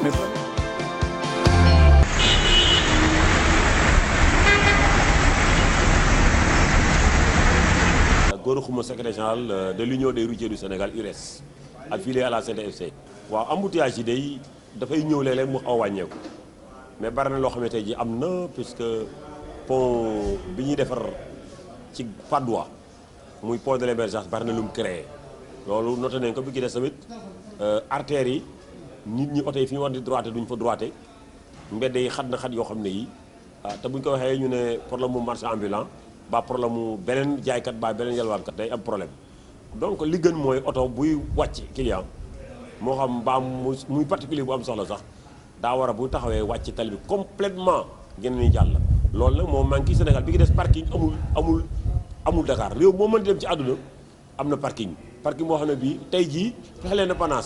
Mais... Gora Khouma secrétaire général euh, de l'Union des routiers du Sénégal URES affilié à la CTFC. waaw embouteillage yi day dafay ñëw leen mu xaw wàññeeku mais bari na loo xam ne tey jii am na puisque pont bi ñuy defar ci Padoua muy pont de l'hébergence bari na lu mu créé loolu noté nañ ko bi ci des tamit euh, artères yi. nit ñi oto yi fi ñu war di droité duñ fa droité mbedd yi xat na xat yoo xam ne yi ah, te buñ ko waxee ñu ne problème mu marché ambulant ba problème mu beneen jaaykat ba beneen yalwaankat day am problème donc li gën mooy oto buy wàcc client moo xam mbaam muy particulier bu am soxla sax daa war a bu taxawee wàcc tali bi complètement ngeen ni jàll loolu nag moo manqué Sénégal bi ki des parking amul amul amul Dakar réew moo mën di dem ci àdduna am na parking parking boo xam ne bii tey jii leen a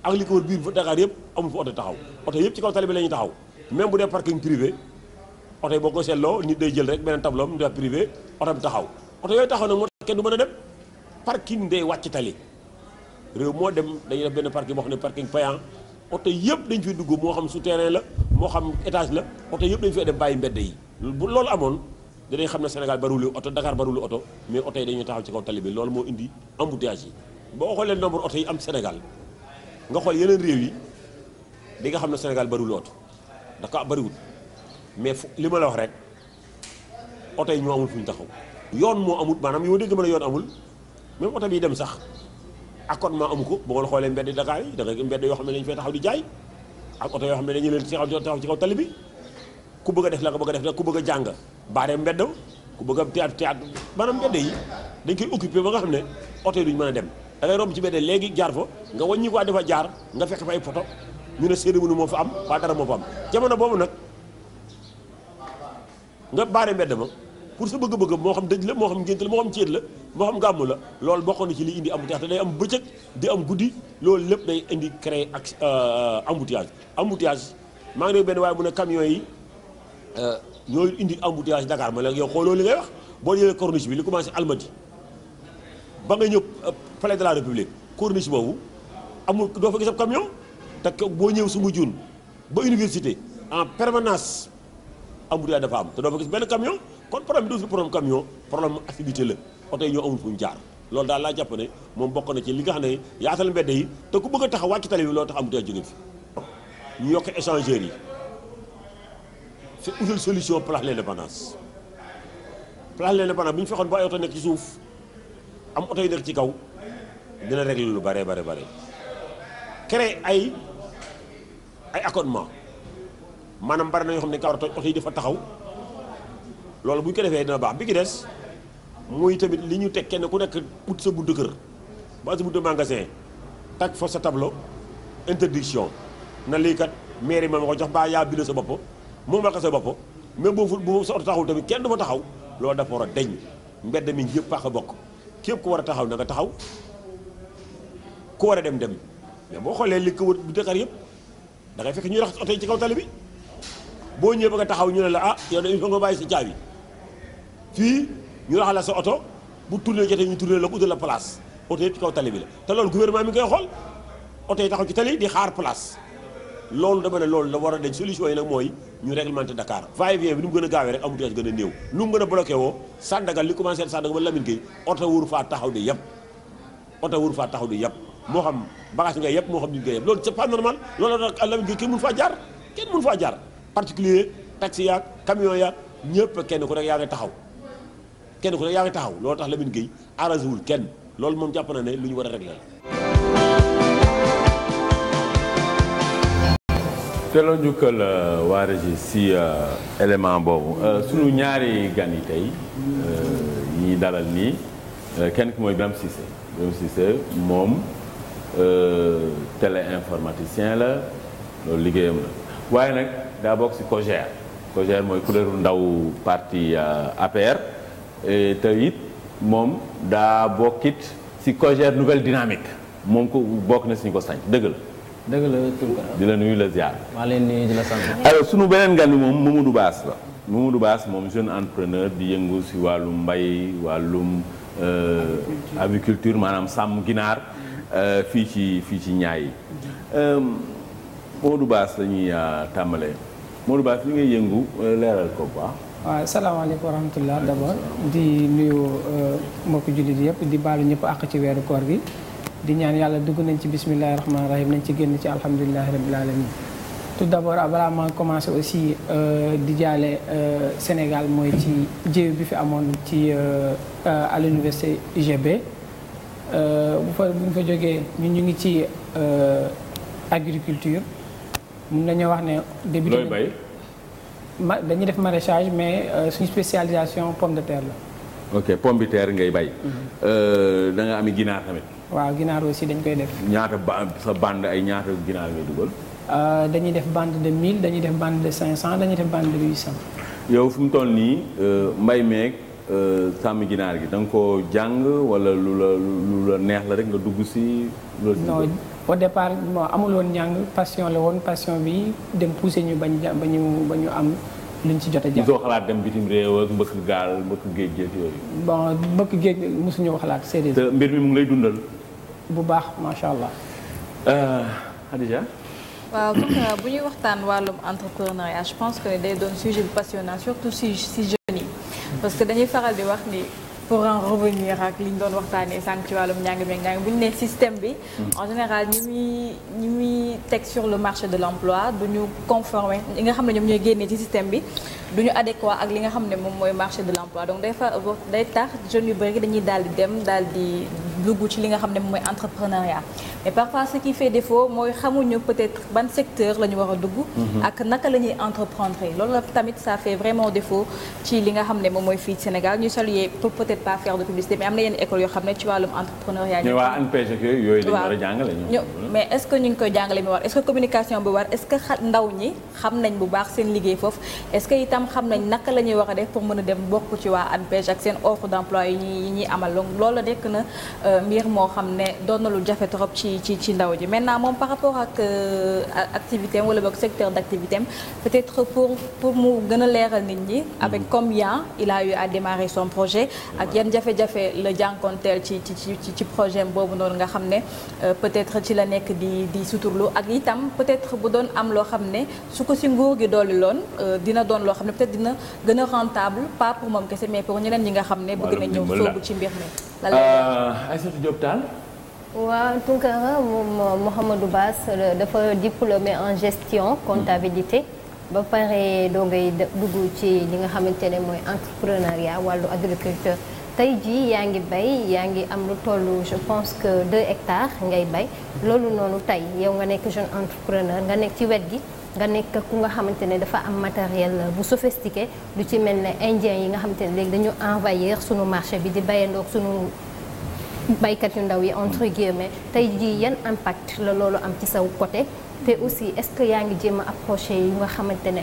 ak li ko wër biir Dakar yëpp amul fa oto taxaw oto yëpp ci kaw tali bi taxaw même bu dee parking privé oto yi boo ko seetloo nit day jël rek beneen tableau mu def privé oto bi taxaw oto yooyu taxaw nag moo tax kenn du mën a dem parking day wàcc tali réew moo dem dañu def benn parking boo xam ne parking payant oto yëpp dañ fi dugg moo xam souterrain la moo xam étage la oto yëpp dañ fay dem bàyyi mbedd yi bu loolu amoon danañ xam ne Sénégal bariwul oto Dakar bariwul oto mais oto yi dañuy taxaw ci kaw tali bi loolu moo indi embouteillage yi boo xoolee nombre oto am Sénégal nga xool yeneen réew yi li nga xam ne Sénégal bariwul oto da ko mais fu li ma la wax rek oto yi ñoo amul fu ñu taxaw yoon moo amul maanaam yoo dégg ma a yoon amul même oto bi dem sax accotement amu ko boo xoolee mbedd Dakar yi da nga ne dañu fay taxaw di jaay ak oto yoo xam ne dañu leen taxaw ci kaw tali bi ku bëgg a def la nga bëgg a def la ku bëgg a jàng baaree mbedd ku bëgg a théâtre théâtre maanaam mbedd yi dañ koy occupé ba nga xam ne oto yi duñ mën a dem da ngay romb ci benn léegi jaar fa nga wàññi ko dafa jaar nga fekk fa ay poto ñu ne séeréer moo fa am waa dara moo fa am jamono boobu nag nga baare mbedd ma pour sa bëgg-bëgg moo xam dëj la moo xam ngénte la moo xam céet la moo xam gàmmu la loolu bokkoon na ci li indi embouteillage te day am bëccëg di am guddi loolu lépp day indi créer ak euh, embouteillage embouteillage maa ngi dégg benn waaye mu ne camion yi euh, ñooy indi embouteillage dakaar ma léegi yow xooloo li ngay wax boo jëlee corniche bi li commencé Almadies ba nga ñëw euh, palais de la république corniche boobu amul doo fa gis ab camion te boo ñëw sumu jun ba université en permanence embouteillage dafa am te doo fa gis benn camion kon problème bi du problème camion problème activité la oto yi ñoo amul fu ñu jaar loolu daal laa jàpp ne moom bokk na ci li nga xam ne yaatal mbedd yi te ku bëgg a tax wàcc tali bi loolu tax embouteillage jóge fi ñu yokk échangeurs yi fi utal solution place l'indépendance place l'indépendance bu ba am oto yi nekk ci kaw dina régler lu bare bare bare kere ay ay accotement maanaam bari na yoo xam ne kaw toj oto yi dafa taxaw loolu bu ñu defee dina baax bi ki des muy tamit li ñu teg kenn ku nekk ut sa buntu kër ba sa buntu magasin tag fa sa tableau interdiction na lii kat mairie ma ko jox ba yaa bind sa bopp moom la sa bopp mais boo bu sa oto tamit kenn du fa taxaw loolu dafa war a deñ mbedd mi yëpp a bokk. képp ku war a taxaw na taxaw ku war a dem dem mais boo xoolee li ko wër bu Dakar yëpp da fekk ñuy raxas oto yi ci kaw tali bi boo ñëwee ba nga taxaw ñu ne la ah yow dañu fa nga bàyyi sa caabi ñu raxas la sa oto bu tourné jotee ñu tourné la ko utal la place oto yëpp ci tali bi la te lool gouvernement mi ngi koy xool oto yi taxaw ci tali di xaar place loolu dama ne loolu la war a dañ solution yi nag mooy. ñu réglementé Dakar va-et-vient bi nu mu gën a gaawee rek embouteillage gën a néew nu mu gën a bloqué woo Sandaga li commencé Sandaga ba Lamine Gueye oto wóoru faa taxaw di yëpp oto wóoru faa taxaw di yëpp moo xam bagage ngay yëpp moo xam nit ngay yëpp loolu c'est pas normal loolu nag Lamine Gueye kenn mënu faa jaar kenn mënu faa jaar particulier taxi yaag camion yaag ñëpp kenn ku rek yaa ngi taxaw kenn ku rek yaa ngi taxaw loolu tax Lamine Gueye arrangé wul kenn loolu moom jàpp na ne lu ñu war a réglé la delloo njukkal euh, waa régie si euh, élément boobu euh, sunu ñaari gan yi tey ñi dalal nii kenn ki mooy Birame Cissé Birame Cissé moom télé informaticien la loolu liggéeyam la waaye nag daa bokk si COJER coger mooy kuréelu ndaw parti APR te it moom daa bokkit si COJER nouvelle dynamique moom ko bokk na si ñu ko sañ dëgg la dëgg la di la nuyu la ziar. suñu beneen gan bi moom du Bass la du baas moom jeune entrepreneur di yëngu si wàllum mbay wàllum euh, aviculture maanaam sàmm ginaar euh, fii ci fii ci ñaay yi euh, Mamadou Bass la ñuy tàmbalee Mamadou Bass li ngay yëngu leeral ko bu baax. waaw salaamaaleykum wa rahmatulah di nuyu mbokki jullit yëpp di baalu ñëpp àq ci weeru koor gi. di ñaan yàlla dugg nañ ci bismillahi rahmaani rahim nañ ci génn ci alhamdulilahi rabil alamin tout d' abord balaa ma commencé aussi euh, di jaale euh, Sénégal mooy ci jéew bi fi amoon ci euh, à l' université UGB bu fa bu fa jógee ñun ñu ngi ci agriculture mun nañoo wax ne début looy bay ma dañuy def maraîchage mais suñu spécialisation pomme de terre la ok pomme de terre ngay bay mm-hmm. da nga ami ginaar tamit waaw ginaar aussi dañ koy def. ñaata ba sa bande ay ñaata ginaar ngay dugal. Euh, dañuy def bande de 1000 dañuy def band de cent dañuy def bande de 800. yow fi mu toll nii euh, mbay meeg euh, sàmm ginaar gi da nga jàng wala lu la lu la neex la rek nga dugg si. loolu non au départ moo amul woon njàng passion la woon passion bi dem poussé ñu bañ ja ba ñu ba ñu am. luñ ci jot a jàpp mosoo xalaat dem bitim réew ak mbëkk gaal mbëkk géej géej yooyu. bon mbëkk géej mosuñu ko xalaat séeréer. te mbir mi mu ngi lay dundal. bu baax macha allah. Euh, Khadija. waaw donc bu ñuy waxtaan wàllum entrepreneuriat je pense que day donn sujet bu passionnant surtout si si yi. parce que dañuy faral di wax ni. pour en revenir ak li ñu doon waxtaanee sànq ci wàllum njàng meeg njàng bu système bi. Mm. en général ñi muy teg sur le marché de l' emploi du ñu conformer li nga xam ne ñoom ñooy génnee ci système bi du ñu adéquat ak li nga xam ne moom mooy marché de l' emploi donc day fa day tax jeunes yu bëri dañuy daal di dem daal di dugg ci li nga xam ne moom mooy entrepreneuriat mais parfois ce qui fait défaut mooy xamuñu peut-être ban secteur la ñu war dugg. Mm-hmm. ak naka la ñuy entreprendre la tamit ça fait vraiment défaut ci li nga xam ne peut-être pas faire de publicité mais am na yenn école yoo xam ne ci wàllum entrepreneuriat. ñu waa ANPEJ ak yooyu yooyu dañu war a jàngale. ñu mais est-ce que ñu ngi koy jàngale mi war est-ce que communication bi war est-ce que ndaw ñi xam nañ bu baax seen liggéey foofu est-ce que itam xam nañ naka la ñuy a def pour mën a dem bokk ci waa ANPEJ ak seen offre d'emploi yi ñuy amal loolu nekk na euh, mbir moo xam ne doon na lu jafe trop ci ci ci ndaw ji maintenant moom par rapport ak euh, activité am wala boog secteur d'activité am peut-être pour pour mu a leeral nit ñi. avec mm-hmm. combien a yan jafe-jafe la jànkonteel ci ci ci ci projet boobu noonu nga xam ne euh, peut-être ci la nekk di di suturlu ak itam peut-être bu doon am loo xam ne su ko si nguur gi dolli loon euh, dina doon loo xam ne peut-être dina gën a rentable pas pour moom kese mais pour ñeneen ñi nga xam ne bëgg na ñëw soobu ci mbir mi euh, Aïssatou Diop Tall waaw Tunkara moom Mouhamadou Bass dafa diplômé en gestion hmm. comptabilité ba pare doo ngay dugg ci ñi nga xamante ne mooy entrepreneuriat wàllu agriculteur tey jii yaa ngi bay yaa ngi am lu toll je pense que deux hectares ngay bay loolu noonu tey yow nga nekk jeune entrepreneur nga nekk ci wet gi nga nekk ku nga xamante ne dafa am matériel bu sophistiqué lu ci mel ni indien yi nga xamante ne léegi dañu envahir sunu marché bi di bayandoog sunu baykat yu ndaw yi entre guillemets tey jii yan impact la loolu am ci saw côté te aussi est-ce que yaa ngi jéem a approché yu nga xamante ne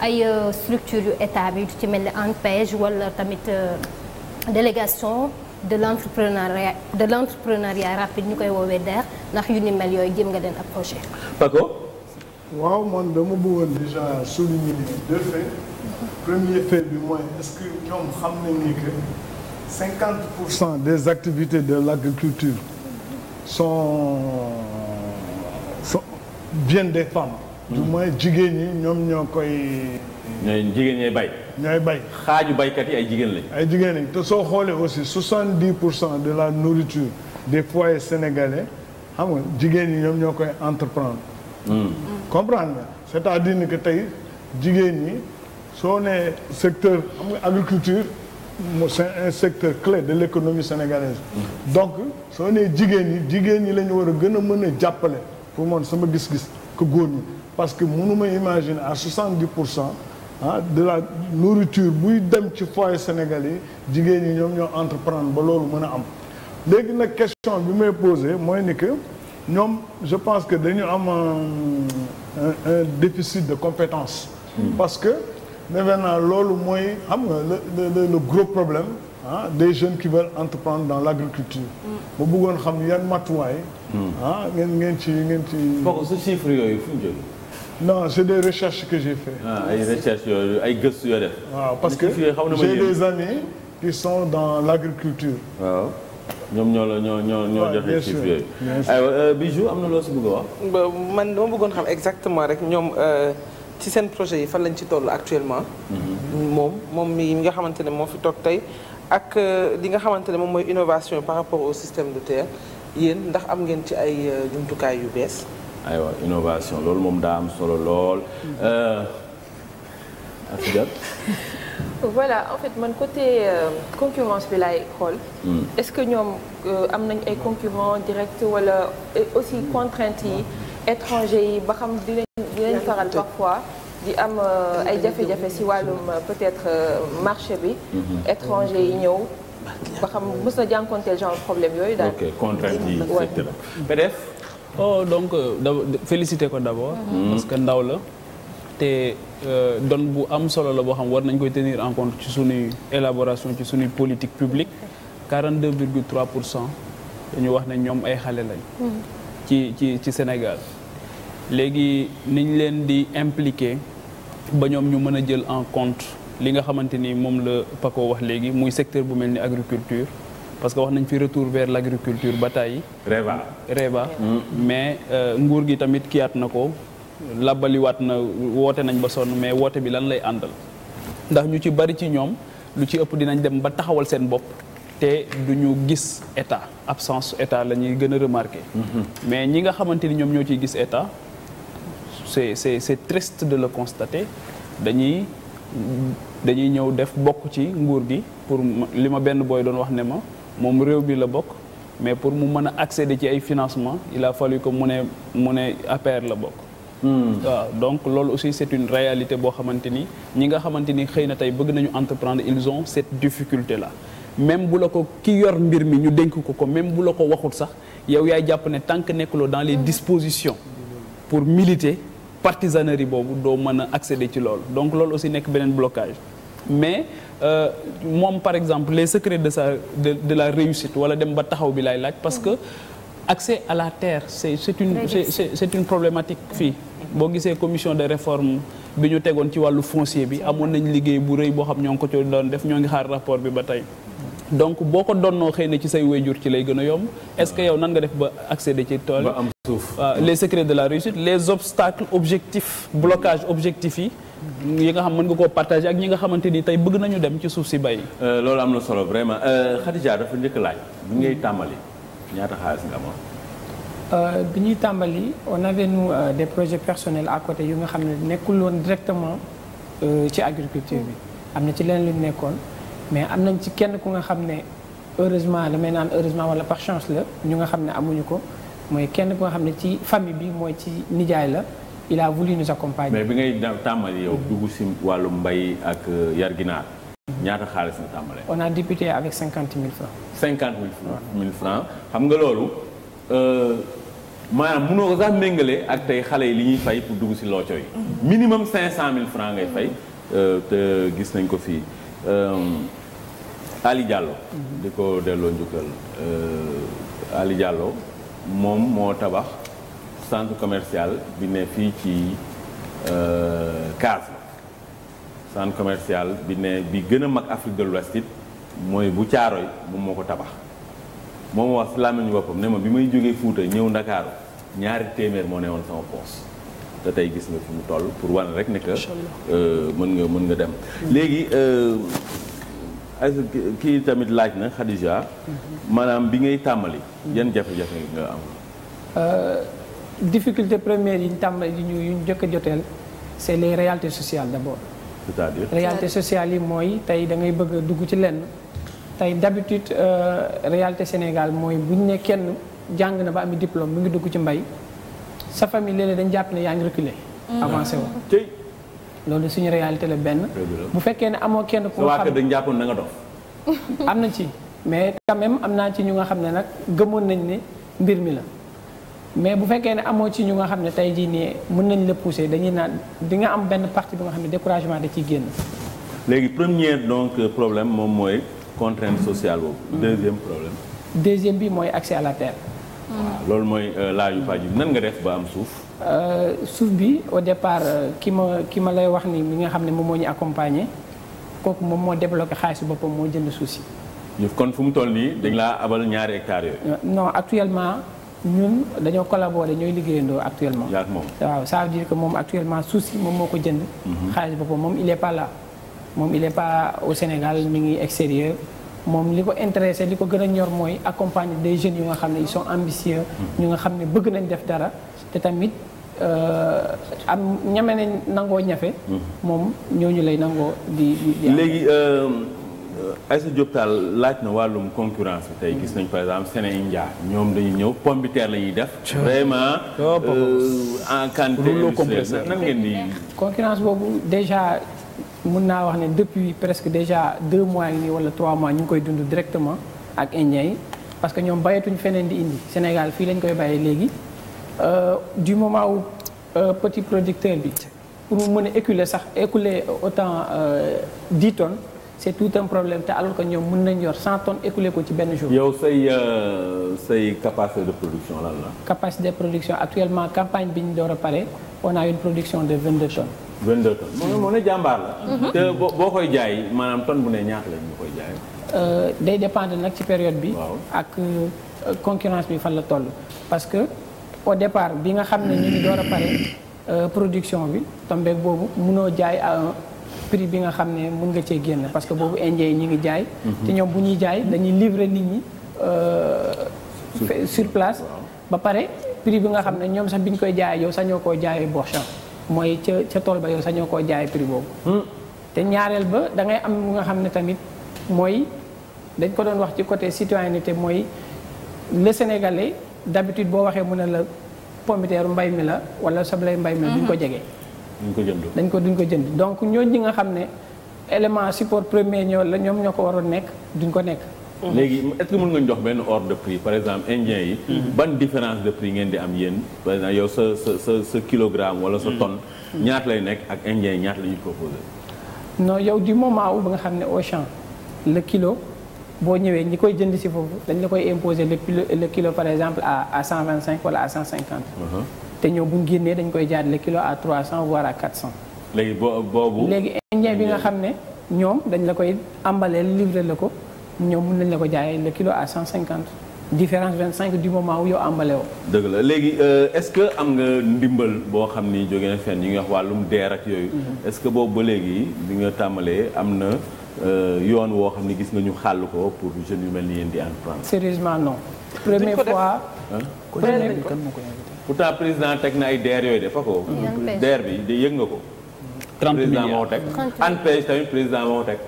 ay euh, structure yu état bi du ci mel ne ANPEJ wala tamit euh, délégation de l' entrepreneuriat de l' entrepreneuriat rapide ñu koy woowee DER ndax yu ni mel yooyu jéem nga leen approché. Paco. waaw man dama bëggoon déjà souligner deux faits. premier fait bi mooy est que ñoom xam nañ ni que cinquante pour cent des activités de l' agriculture sont sont bien des femmes. du mm-hmm. moins jigéen ñi ñoom ñoo koy. ñooy jigéen ñi bay. ñooy bay xaaju baykat yi ay jigéen lañ. ay jigéen lañ te soo xoolee aussi soixante dix pour cent de la nourriture des foyers sénégalais xam nga jigéen ñi ñoom ñoo koy entreprendre. Hmm. comprendre nga c'est-à-dire que tey jigéen ñi soo nee secteur xam nga agriculture mu un secteur clé de l'économie sénégalaise. Hmm. donc soo nee jigéen ñi jigéen ñi la war a gën a mën a jàppale pour moom sama gis-gis que góor ñi parce que mënu ma imaginer à soixante dix pour cent. ah de la nourriture buy dem ci foyer Sénégal yi jigéen ñi ñoom ñoo entreprendre ba loolu mën a am léegi nag question bi may posé mooy ni que ñoom je pense que dañu am un déficit de compétence hmm. parce que defe naa loolu mooy xam nga le le gros problème ah des jeunes qui veulent entreprendre dans l' agriculture hmm. ba bëggoon xam yan matuwaay hmm. ah ngeen ngeen ci ngeen ci bokk su chiffre yooyu fu ñu non c'est des recherches que j'ai fait. Ah, ay recherches yooyu ay gëstu yo def. waaw parce que j'ai des amis qui sont dans l'agriculture. waaw ñoom ñoo la ñoo ñoo ñoo joxe chiffres yooyu. aywa euh, am na loo si bëgg a wax. ba man dama bëggoon xam exactement rek ñoom euh, ci seen projet yi fan lañ ci toll actuellement. Mhm. moom moom mi nga xamante ne moo fi toog tey ak euh, li nga xamante ne moom mooy innovation par rapport au système de terre yéen ndax am ngeen ci ay jumtukaay yu bees. aywa innovation loolu moom daa am solo lool. Euh, Afidja. voilà en fait man côté euh, concurrence bi laay xool. Hmm. est-ce que ñoom euh, am nañ ay concurrents directs wala aussi contraintes yi hmm. étrangers yi ba xam dinañ dinañ faral parfois. di am euh, ay jafe-jafe ci wàllum peut-être marché bi. Hmm. étranger yi ñëw. ba xam mës na jànkonteel genre problème yooyu daal. ok contraintes yi etc. oh donc euh, félicité ko d'abord. Mhm. parce que ndaw la. te euh, don bu am solo la boo xam war nañ koy tenir en compte ci suñuy élaboration ci suñuy politique publique 42 virgule 3 pour cent dañu wax ne ñoom ay xale lañ. Mhm. ci ci Sénégal. léegi niñ leen di impliqué ba ñoom ñu mën a jël en compte li nga xamante ni moom la Paco wax léegi muy secteur bu mel ni agriculture. parce que wax nañ fi retour vers l' agriculture ba tàyyi Reva Reva mm. mais euh, nguur gi tamit kiyaat na ko làbbaliwaat na woote nañ ba sonn mais woote bi lan lay àndal ndax ñu ci bari ci ñoom lu ci ëpp dinañ dem ba taxawal seen bopp te du ñu gis état absence état la ñuy gën a remarqué mm-hmm. mais ñi nga xamante ni ñoom ñoo ciy gis état c'est c'est c'est de le constater dañuy dañuy ñëw def bokk ci nguur gi pour li ma benn booy doon wax ne ma moom réew bi la bokk mais pour mu mën a accéder ci ay financement il a fallu que mu ne mu ne APR la bokk hmm. waaw donc loolu aussi c'est une réalité boo xamante ni ñi nga xamante ni xëy na tey bëgg nañu entreprendre ils ont cette difficulté là même bu la ko ki yor mbir mi ñu dénk ko ko même bu la ko waxul sax yow yaay jàpp ne tant que nekkuloo dans les dispositions pour militer partisanerie boobu doo mën a accéder ci lool donc loolu aussi nekk beneen blocage Euh, moom par exemple les secrets de sa de la réussite wala dem ba taxaw bi lay laaj parce que accès à la terre c'est c'est une c'est c'est une problématique fii boo gisee commission de réforme bi ñu tegoon ci wàllu foncier bi amoon nañ liggéey bu rëy boo xam ñoo ngi ko ci doon def ñoo ngi xaar rapport bi ba tey donc boo ko donnoo xëy na ci say wéyjur ci lay gën a yomb est-ce que yow nan nga def ba accéder ci tool ah, les secrets de la réussite les obstacles objectifs blocage objectif yi yi nga xam mën nga koo partager ak ñi nga xamante ni tey bëgg nañu dem ci suuf si bay. Euh, loolu am na solo vraiment euh, Khadija dafa njëkk laaj. bi ngay tàmbali ñaata xaalis nga amoon. Euh, bi ñuy tàmbali on avait nous des projets personnels à côté yu nga xam ne nekkul woon directement ci agriculture bi am na ci leneen lu nekkoon mais am nañ ci kenn ku nga xam ne heureusement damay naan heureusement wala par chance la ñu nga xam ne amuñu ko mooy kenn ku nga xam ne ci famille bi mooy ci nijaay la. il a voulu nous accompagner. mais bi ngay tàmbali yow dugg si wàllu mbay ak euh, yar ginaar ñaata xaalis nga tàmbalee. on a débuté avec mille francs. cinquante mille francs xam nga loolu euh, maanaam mënoo ko sax méngale ak tey xale yi li ñuy fay pour dugg si looco yi. Mhm. minimum cinq cent mille francs ngay fay. Euh, te gis nañ ko fii Ali jàllo mhm. di ko delloo njukkal Ali Diallo moom moo tabax. centre commercial bi ne fii ci Kaas euh, la centre commercial bi ne bi gën a mag Afrique de l'Ouest it mooy bu Caaroy moom moo ko tabax moom wax si làmmiñu boppam ne ma bi may jógee Fuuta ñëw Ndakaaru ñaari téeméer moo ne woon sama poos te tey gis nga fi mu toll pour wane rek ne que euh, mën nga mën nga dem mm-hmm. léegi ay euh, kii tamit laaj na Khadija mm-hmm. maanaam bi ngay tàmbali mm-hmm. yan jafe-jafe nga am difficulté première yi ñu tàmbali yu ñu jëkk a joteel c' est les réalités sociales d' abord. c' réalité sociale yi mooy tey da ngay bëgg a dugg ci lenn tey d' habitude euh, réalité Sénégal mooy bu ñu ne kenn jàng na ba ami diplôme mu ngi dugg ci mbay sa famille léeg-léeg dañ jàpp ne yaa ngi reculé. Mm. avancé wu. loolu suñu réalité la benn. bu fekkee ne amoo kenn. koo xam ne dañ jàppoon na nga dof am na ci mais quand am naa ci ñu nga xam ne nag gëmoon nañ ne mbir mi la. mais bu fekkee ne amoo ci ñu nga xam ne tey jii nii mën nañ la pousser dañuy naan di nga am benn partie bu nga xam ne découragement da ciy génn. léegi premier donc problème moom mooy contrainte sociale boobu. Mm. deuxième bi mooy accès à la terre. Mm. loolu mooy euh, laaju paju nan nga def ba am suuf. Euh, suuf bi au départ euh, ki ma ki ma lay wax nii mi nga xam ne moom moo ñu accompagner kooku moom moo débloqué xaalisu boppam moo jënd suuf si. kon fu mu toll nii dañ laa abal ñaari ñun dañoo collaborer ñooy liggéeyandoo actuellement. yaa moom waaw ça veut dire que moom actuellement suuf moom moo ko jënd. Mhm. xaalis boppam moom il est pas là. moom il est pas au Sénégal mi ngi extérieur moom li ko intéressé li ko gën a ñor mooy accompagner des jeunes yu nga xam ne ils sont ambitieux. Mhm. ñu nga xam ne bëgg nañ def dara te tamit. Euh, am ñame nangoo ñafe. Mhm. moom ñooñu lay nangoo di di. léegi euh, Euh, Aïssa Diop Tall laaj na wàllum concurrence bi hmm. gis nañ par exemple Sénégal India ñoom dañuy ñëw pombiteer la ñuy def. vraiment oh, euh, en quantité nan ngeen di. concurrence boobu déjà mën naa wax ne depuis presque déjà deux mois yi nii wala trois mois ñu ngi koy dund directement ak Indien yi parce que ñoom bàyyeetuñ feneen di indi Sénégal fii lañu koy bàyyee léegi euh, du moment où petit producteur bi pour mu mën a écouler sax écouler autant dix tonnes. c'est tout un problème te alors que ñoom mën nañ yor 100 tonnes écoulé ko ci benn jour. Euh, de production la. capacité de actuellement campagne bi ñu door a pare on a une production de 22 tonnes. 22 tonnes moom moo ne jàmbaar la. Mhm. te boo koy jaay maanaam ton bu ne ñaata la ñu koy jaay. Euh, day dépendre nag ci période bi. ak euh, concurrence bi fan la toll. parce que au départ bi nga xam ne ñu ngi door a pare production bi tombeek boobu mënoo jaay prix bi nga xam ne mën nga cee génn parce que boobu indien yi ñu ngi jaay te ñoom bu ñuy jaay dañuy livrer nit ñi euh, sur place ba pare prix bi nga xam ne ñoom sax bi ñu koy jaayee yow sax ñoo koo jaayee borcham mooy ca ca tool ba yow sax ñoo koo jaayee prix boobu hmm. te ñaareel ba da ngay am lu nga xam ne tamit mooy dañ ko doon wax ci côté citoyenneté mooy le sénégalais d'habitude boo waxee mu ne la pomme mbay mi la wala soble mbay mi la duñ ko hmm. jegee dañ ko jënd dañ ko duñ ko jënd donc ñooñ ñi nga xam ne élément support premier ñoo la ñoom ñoo ko waroon nekk duñ ko nekk. Mmh. léegi est-ce que mën nga jox benn ordre de prix par exemple indien yi. Mmh. ban différence de prix ngeen di am yéen par exemple yow sa sa sa sa kilogramme wala sa mmh. tonne. lay nekk ak indien yi la ñuy proposé. non yow du moment wu ba nga xam ne au chant le kilo boo ñëwee ñi koy jënd si foofu dañ la koy imposer le kilo par exemple à à 125 wala à 150. te ñëw bu génnee dañ koy jaar jaadale kilo à 300 voire à 400. léegi boobu. léegi indien bi nga xam ne ñoom dañ la koy ambaleel livré la ko ñoom mun nañ la ko jaayee le kilo à 150. différence 25 du moment wu yow emballé woo. dëgg la léegi euh, est-ce que am nga ndimbal boo xam ni jóge na fenn yi nga wax wàllum deer ak yooyu. Mm-hmm. est-ce que boobu ba léegi bi nga tàmbalee am na euh, yoon woo xam ne gis nga ñu xàll ko pour jeunes yu mel ni yéen di entreprendre. sérieusement non. première fois. première pourtant président teg na ay DER yooyu de fa ko DER bi di yëg nga ko président moo teg ANPEJ tamit président moo teg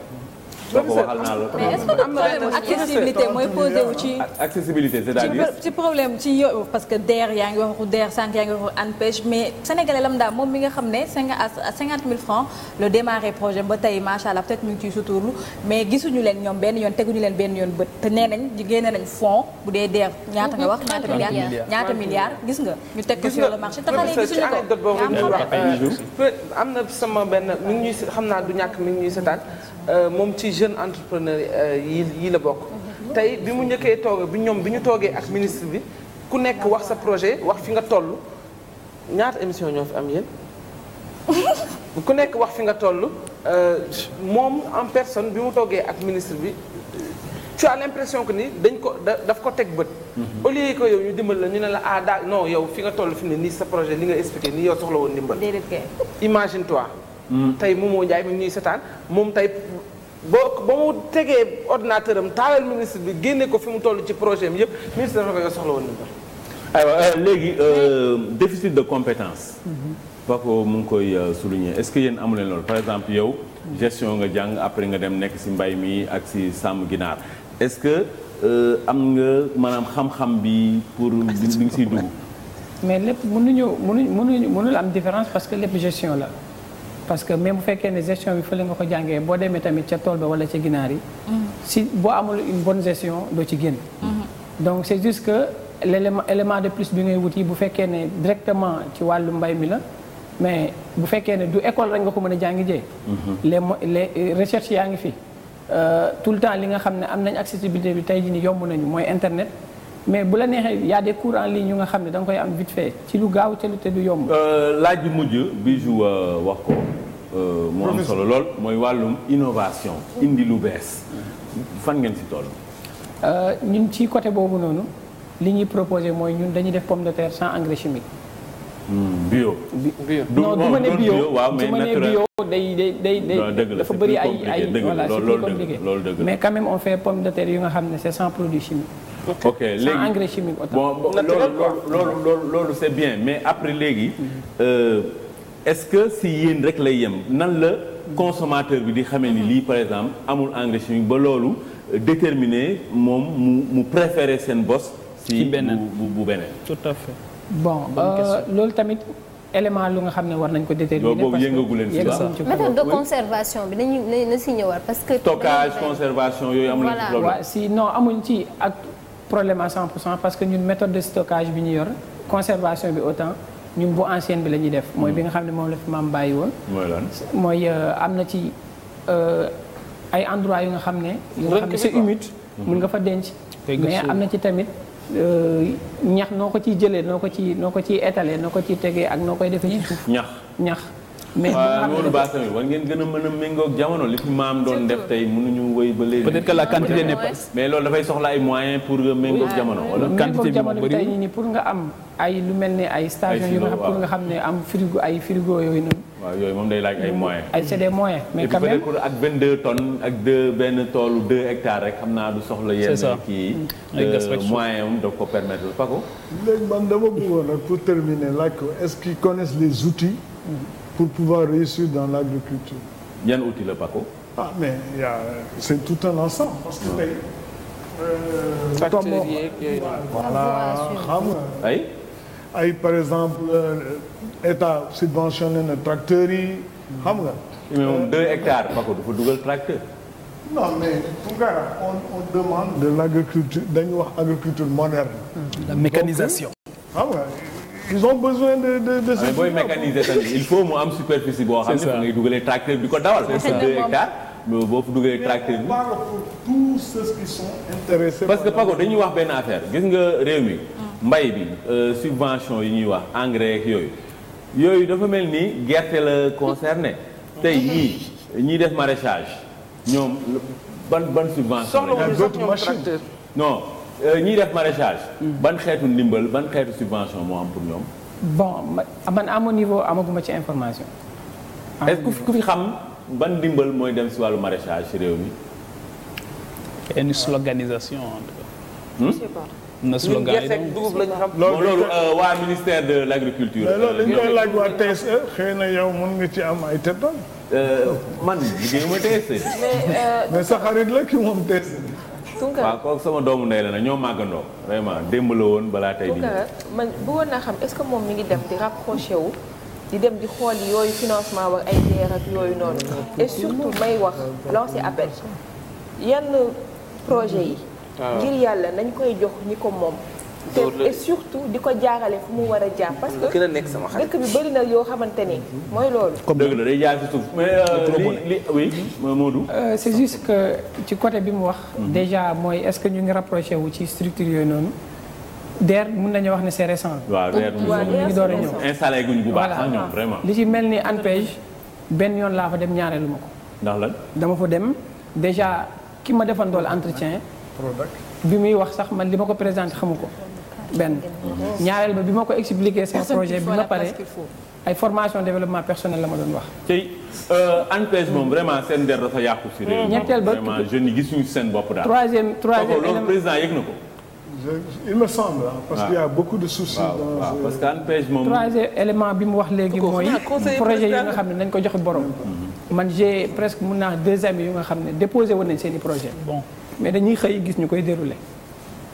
kooku waxal mais est ce que am na accessibilité mooy posé wu ci. accessibilité c' à dire ci problème ci yow parce que DER yaa ngi waxu DER sànq yaa ngi waxu ANPEJ mais sénégalais lam daal moom mi nga xam ne cinquante à cinquante mille francs le démarrer projet ba tey macha allah peut être ñu ngi suturlu mais gisuñu leen ñoom benn yoon teguñu leen benn yoon bët te nee nañ génne nañ fonds bu dee DER ñaata nga wax. ñaata milliards ñaata milliards gis nga. ñu teg ko sur le marché te am na sama benn xam naa du ñàkk mi ngi ñuy Euh, moom ci jeune entrepreneur euh, yi yi la bokk. tey bi mu njëkkee toog bi ñoom bi ñu toogee ak ministre bi ku nekk wax sa projet wax fi nga toll ñaata émission ñoo fi am yéen. ku nekk wax fi nga toll euh, moom en personne bi mu toogee ak ministre bi tu as l'impression que ni dañ ko daf ko teg bët. Mhm. au lieu yow ñu dimbal la ñu ne la ah daal no yow fi nga toll fi ne nii sa projet li nga expliqué nii yow la woon dimbal. déedéet imagine toi. Mm. tey Momo Ndiaye mi ngi ñuy setaan moom tey boo ba mu tegee ordinateur am taalal ministre bi génne ko fi mu toll ci projet am yëpp ministre dafa koy soxla woon nañu ko. aywa euh, léegi euh, déficit de compétence. Bako mm-hmm. mu ngi koy euh, souligner est-ce que yéen amu leen loolu par exemple yow. gestion nga jàng après nga dem nekk ci mbay mi ak ci sàmm ginaar est-ce que am nga maanaam xam-xam bi pour ah, li nga si dugg. mais lépp mënuñu mënuñu mënuñu mënul am différence parce que lépp gestion la. parce que mais bu fekkee ne gestion bi fële nga ko jàngee boo demee tamit ca tool ba wala ca ginaar yi. si boo amul une bonne gestion doo ci génn. donc c' est juste que l' élément de plus bi ngay wuti bu fekkee ne directement ci wàllu mbay mi la mais bu fekkee ne du école rek nga ko mën a jàngi jee. les mo les recherches yaa ngi fi euh, tout le temps li nga xam ne am nañ accessibilité bi tey jii nii yomb nañu mooy internet. mais bu la neexee yaa a des cours yu nga xam ne da nga koy am vite fait ci lu gaaw te lu te du yomb. Euh, laaj mujj bi ju euh, wax ko. Euh, moo am solo lool mooy wàllum innovation. indi lu bees. fan ngeen si toll. ñun ci côté boobu noonu li ñuy proposé mooy ñun dañuy def pomme de terre sans engrais chimique. Hmm, bio. bio non du ma ne bio waaw mais naturel day day day day dafa bëri ay ay. voilà c'est plus compliqué mais quand on fait pomme de terre yu nga xam ne sans produit chimique. ok léegi sans engrais chimique bon loolu loolu loolu loolu c'est bien mais après léegi. Mhm. Euh, est-ce que si yéen rek lay yem nan la mhm. consommateur bi di xamee ni mhm. lii par exemple amul engrais chimique ba loolu euh, déterminer moom mu mu préférer seen bos. ci beneen bu bu beneen. tout à fait. bon euh, loolu tamit. élément lu nga xam ne war nañ ko déterminer. parce que boobu yëngagu leen si méthode de conservation bi nañu na si ñëwaat parce que. stockage conservation yooyu am problème. si non amuñ ci problème à 100 pour cent parce que ñun méthode de stockage bi ñu yor conservation bi autant ñun bu ancienne bi la ñuy def. mooy bi nga xam ne moom la fi maam bàyyi woon. mooy euh, am na ci euh, ay endroit yu nga xam ne. yu nga xam ne c'est mun nga fa denc. mais am na ci tamit euh, ñax noo ko ciy jëlee noo ko ciy noo ko ciy étaler noo ko ciy tegee ak noo koy defee ci suuf. ñax ñax. mais loolu baax tamit war ngeen gën a mën a méngoog jamono li fi maam doon def tey mënuñu wéy ba léegi. peut-être que la quantité n'est pas. mais loolu dafay soxla ay moyens pour nga méngoog jamono. wala quantité bi mu bëri ni pour nga am ay lu mel ne ay station yu nga pour nga xam ne am frigo ay frigo yooyu noonu. waaw yooyu moom day laaj ay mm. moyens. ay c'est des moyens. mais quand même pour ak 22 tonnes ak deux benn toolu 2 hectares rek xam naa du soxla yenn. kii mm. euh, moyen am da ko permettre Paco. léegi man dama bëggoon nag pour terminer laaj ko est-ce qu'ils connaissent les outils. Mm. pour pouvoir réussir dans l'agriculture. yan outil la PACO. ah mais y' c'est tout un ensemble. parce que tey. facteurs yeeg voilà xam nga. ay. ay par exemple euh, état subventionné na tracteurs yi xam nga. mais moom euh, deux dugal tracteur. non mais Tounkara on on de l'agriculture wax agriculture moderne. la mécanisation. ils ont besoin de de de. Ah, ce booy mécaniser il faut mu am superficie boo xam ne. c'est ngay dugalee tracteur bi ko dawal. c'est ça ah, boo fa dugalee tracteur bi. parle pour parce que Pago dañuy wax benn affaire gis nga réew mi. Mm. mbay bi euh, subvention yi ñuy wax engrais yooyu. yooyu dafa mel ni gerte la concerne mm. tey yii ñiy def maraîchage ñoom ban ban subvention. soxla non. Euh, ñiy def maraîchage. ban xeetu ndimbal ban xeetu subvention moo am pour ñoom. bon man à mon niveau amaguma ci information. est-ce ku fi xam ban ndimbal mooy dem si wàllu maraîchage ci réew mi. une sloganisation. na hmm? slogan yi lañ xam. loolu euh, waa ministère de l' agriculture. loolu euh, dañ e. na yow mën nga ci am ay tëddal. man liggéeyuma e. la ki moom TSE. waaw kooku sama doomu ndey la nag ñoo màggandoo vraiment démb la woon balaa tey di man bëggoon naa xam est-ce que moom mi ngi dem di rapproché wu di dem di xool yooyu financement wax ay DER ak yooyu noonu ah, et surtout may wax lancé appel yenn projet yi ah. ngir yàlla nañ koy jox ñi ko moom et surtout di ko jaarale fu mu war a jaar parce que dëkk bi bëri na yoo xamante ni mooy loolu. comme dëgg la day jaar ci suuf. mais euh, li oui euh, Modou. Euh, c' est que ci côté bi mu wax. déjà mooy est ce que ñu ngi rapproché wu ci structure yooyu noonu. DER mën nañu wax ne c' est récent. waaw DER ñu ngi door a ñëw installé guñ bu baax ah, ñoom li ci mel ni ANPEJ benn yoon laa fa dem ñaareelu ma ko. ndax lan dama fa dem déjà ki ma defandool entretien. bi muy wax sax man li ma ko présenté xamu ko. benn ñaareel ba bi ma ko expliquer seen projet bi ma pare ay formation développement personnel la ma doon wax. tey euh, ANPEJ moom vraiment seen der dafa yàqu si réew. ñetteel ba vraiment jeunes yi gisuñu seen bopp daal. troisième troisième loolu président yëg na ko. il me semble a beaucoup de soucis. élément bi mu wax léegi mooy. projet yi nga xam ne nañ ko joxe borom. Mhm. man j'ai presque mun naa deux amis yu nga xam ne déposé woon nañ seen i projet. bon mais dañuy xëy gis ñu koy déroulé.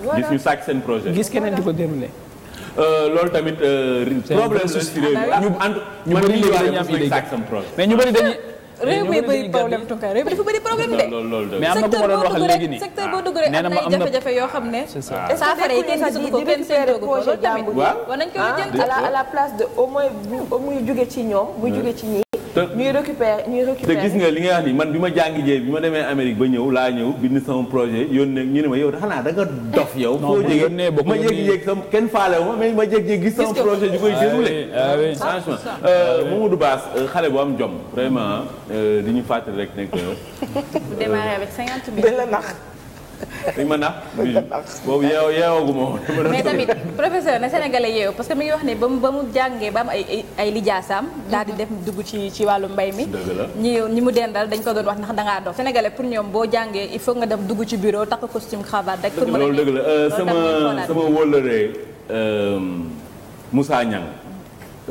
gis ñu sàcc seen projet. gis keneen di ko déroulé. Euh, loolu tamit. Euh, problème la si réew mi ah, réew mi bëri problème Tounkara réew mi dafa problème de. loolu loolu mais am na bu ma doon wax léegi nii ah. na ay yoo xam ne. c'est ça saafara yi kenn gisu ko kenn séddoo ko loolu tamit war nañ ko ah. jël à la place de au moins muy jóge ci ñoom hmm. gis nga li nga wax ni man bi ma jàngi jee bi ma demee Amérique ba ñëw laa ñëw bind sama projet yónnee ñu ne ma yow xanaa da nga dof yow. foo jege ma jékki-jékki sama kenn faale ma mais ma jékki-jékki gis sama projet ju koy ah déroulé. franchement euh, du Bass euh, xale bu am jom vraiment. Eh, di ñu fàttali rek nekk. bu démarrer avec 50 000. dañ la nax. dañ ma nax. dañ la nax boobu yeew yeewagu ma woon. mais tamit professeur na sénégalais yeewu parce que mi ngi wax ne ba mu ba mu jàngee ba am ay ay lijaasaam. daal di def dugg ci ci wàllu mbay mi. ñi ñi mu dendal dañ ko doon wax ndax da ngaa dof pour ñoom boo jàngee il faut nga dem dugg ci bureau takk costume cravate rek. pour mën a loolu dëgg la eh, sama sama wóllare ehm, Moussa Niang.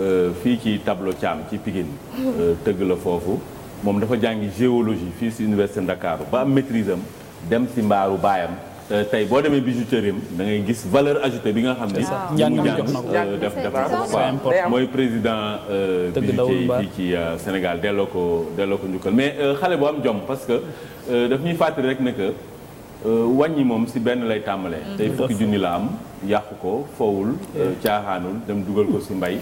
Eh, fii ci tableau Thiam ci Pikine. tëgg la foofu. moom dafa jàngi géologie fii si université Dakar ba am maîtrise am dem si mbaaru baayam euh, tey boo demee bijouterie am da ngay gis valeur ajoutée bi nga xam ni mu jàng euh, def def waaw mooy président euh, bijoutier fii ci Sénégal delloo ko delloo ko njukkal xale bu am jom parce que daf ñuy fàttali rek ne que wàññi moom si benn lay tàmbalee mm. tey fukki junni la am yàqu ko fowul caaxaanul dem dugal ko si mbay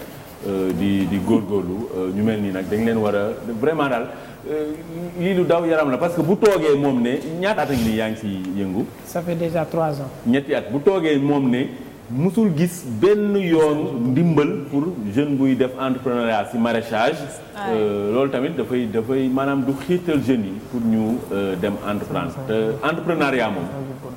Euh, di di góor góorgóorlu euh, ñu mel nii nag dañ leen war a vraiment daal euh, lii lu daw yaram la parce que bu toogee moom ne ñaata at ak nii yaa ngi ci yëngu. ça fait déjà trois ans. ñetti at bu toogee moom ne. musul gis benn yoon ndimbal pour jeune buy def entrepreneuriat ci maraîchage. Euh, loolu tamit dafay dafay maanaam du xiirtal jeunes yi pour ñu euh, dem entreprendre te entrepreneuriat moom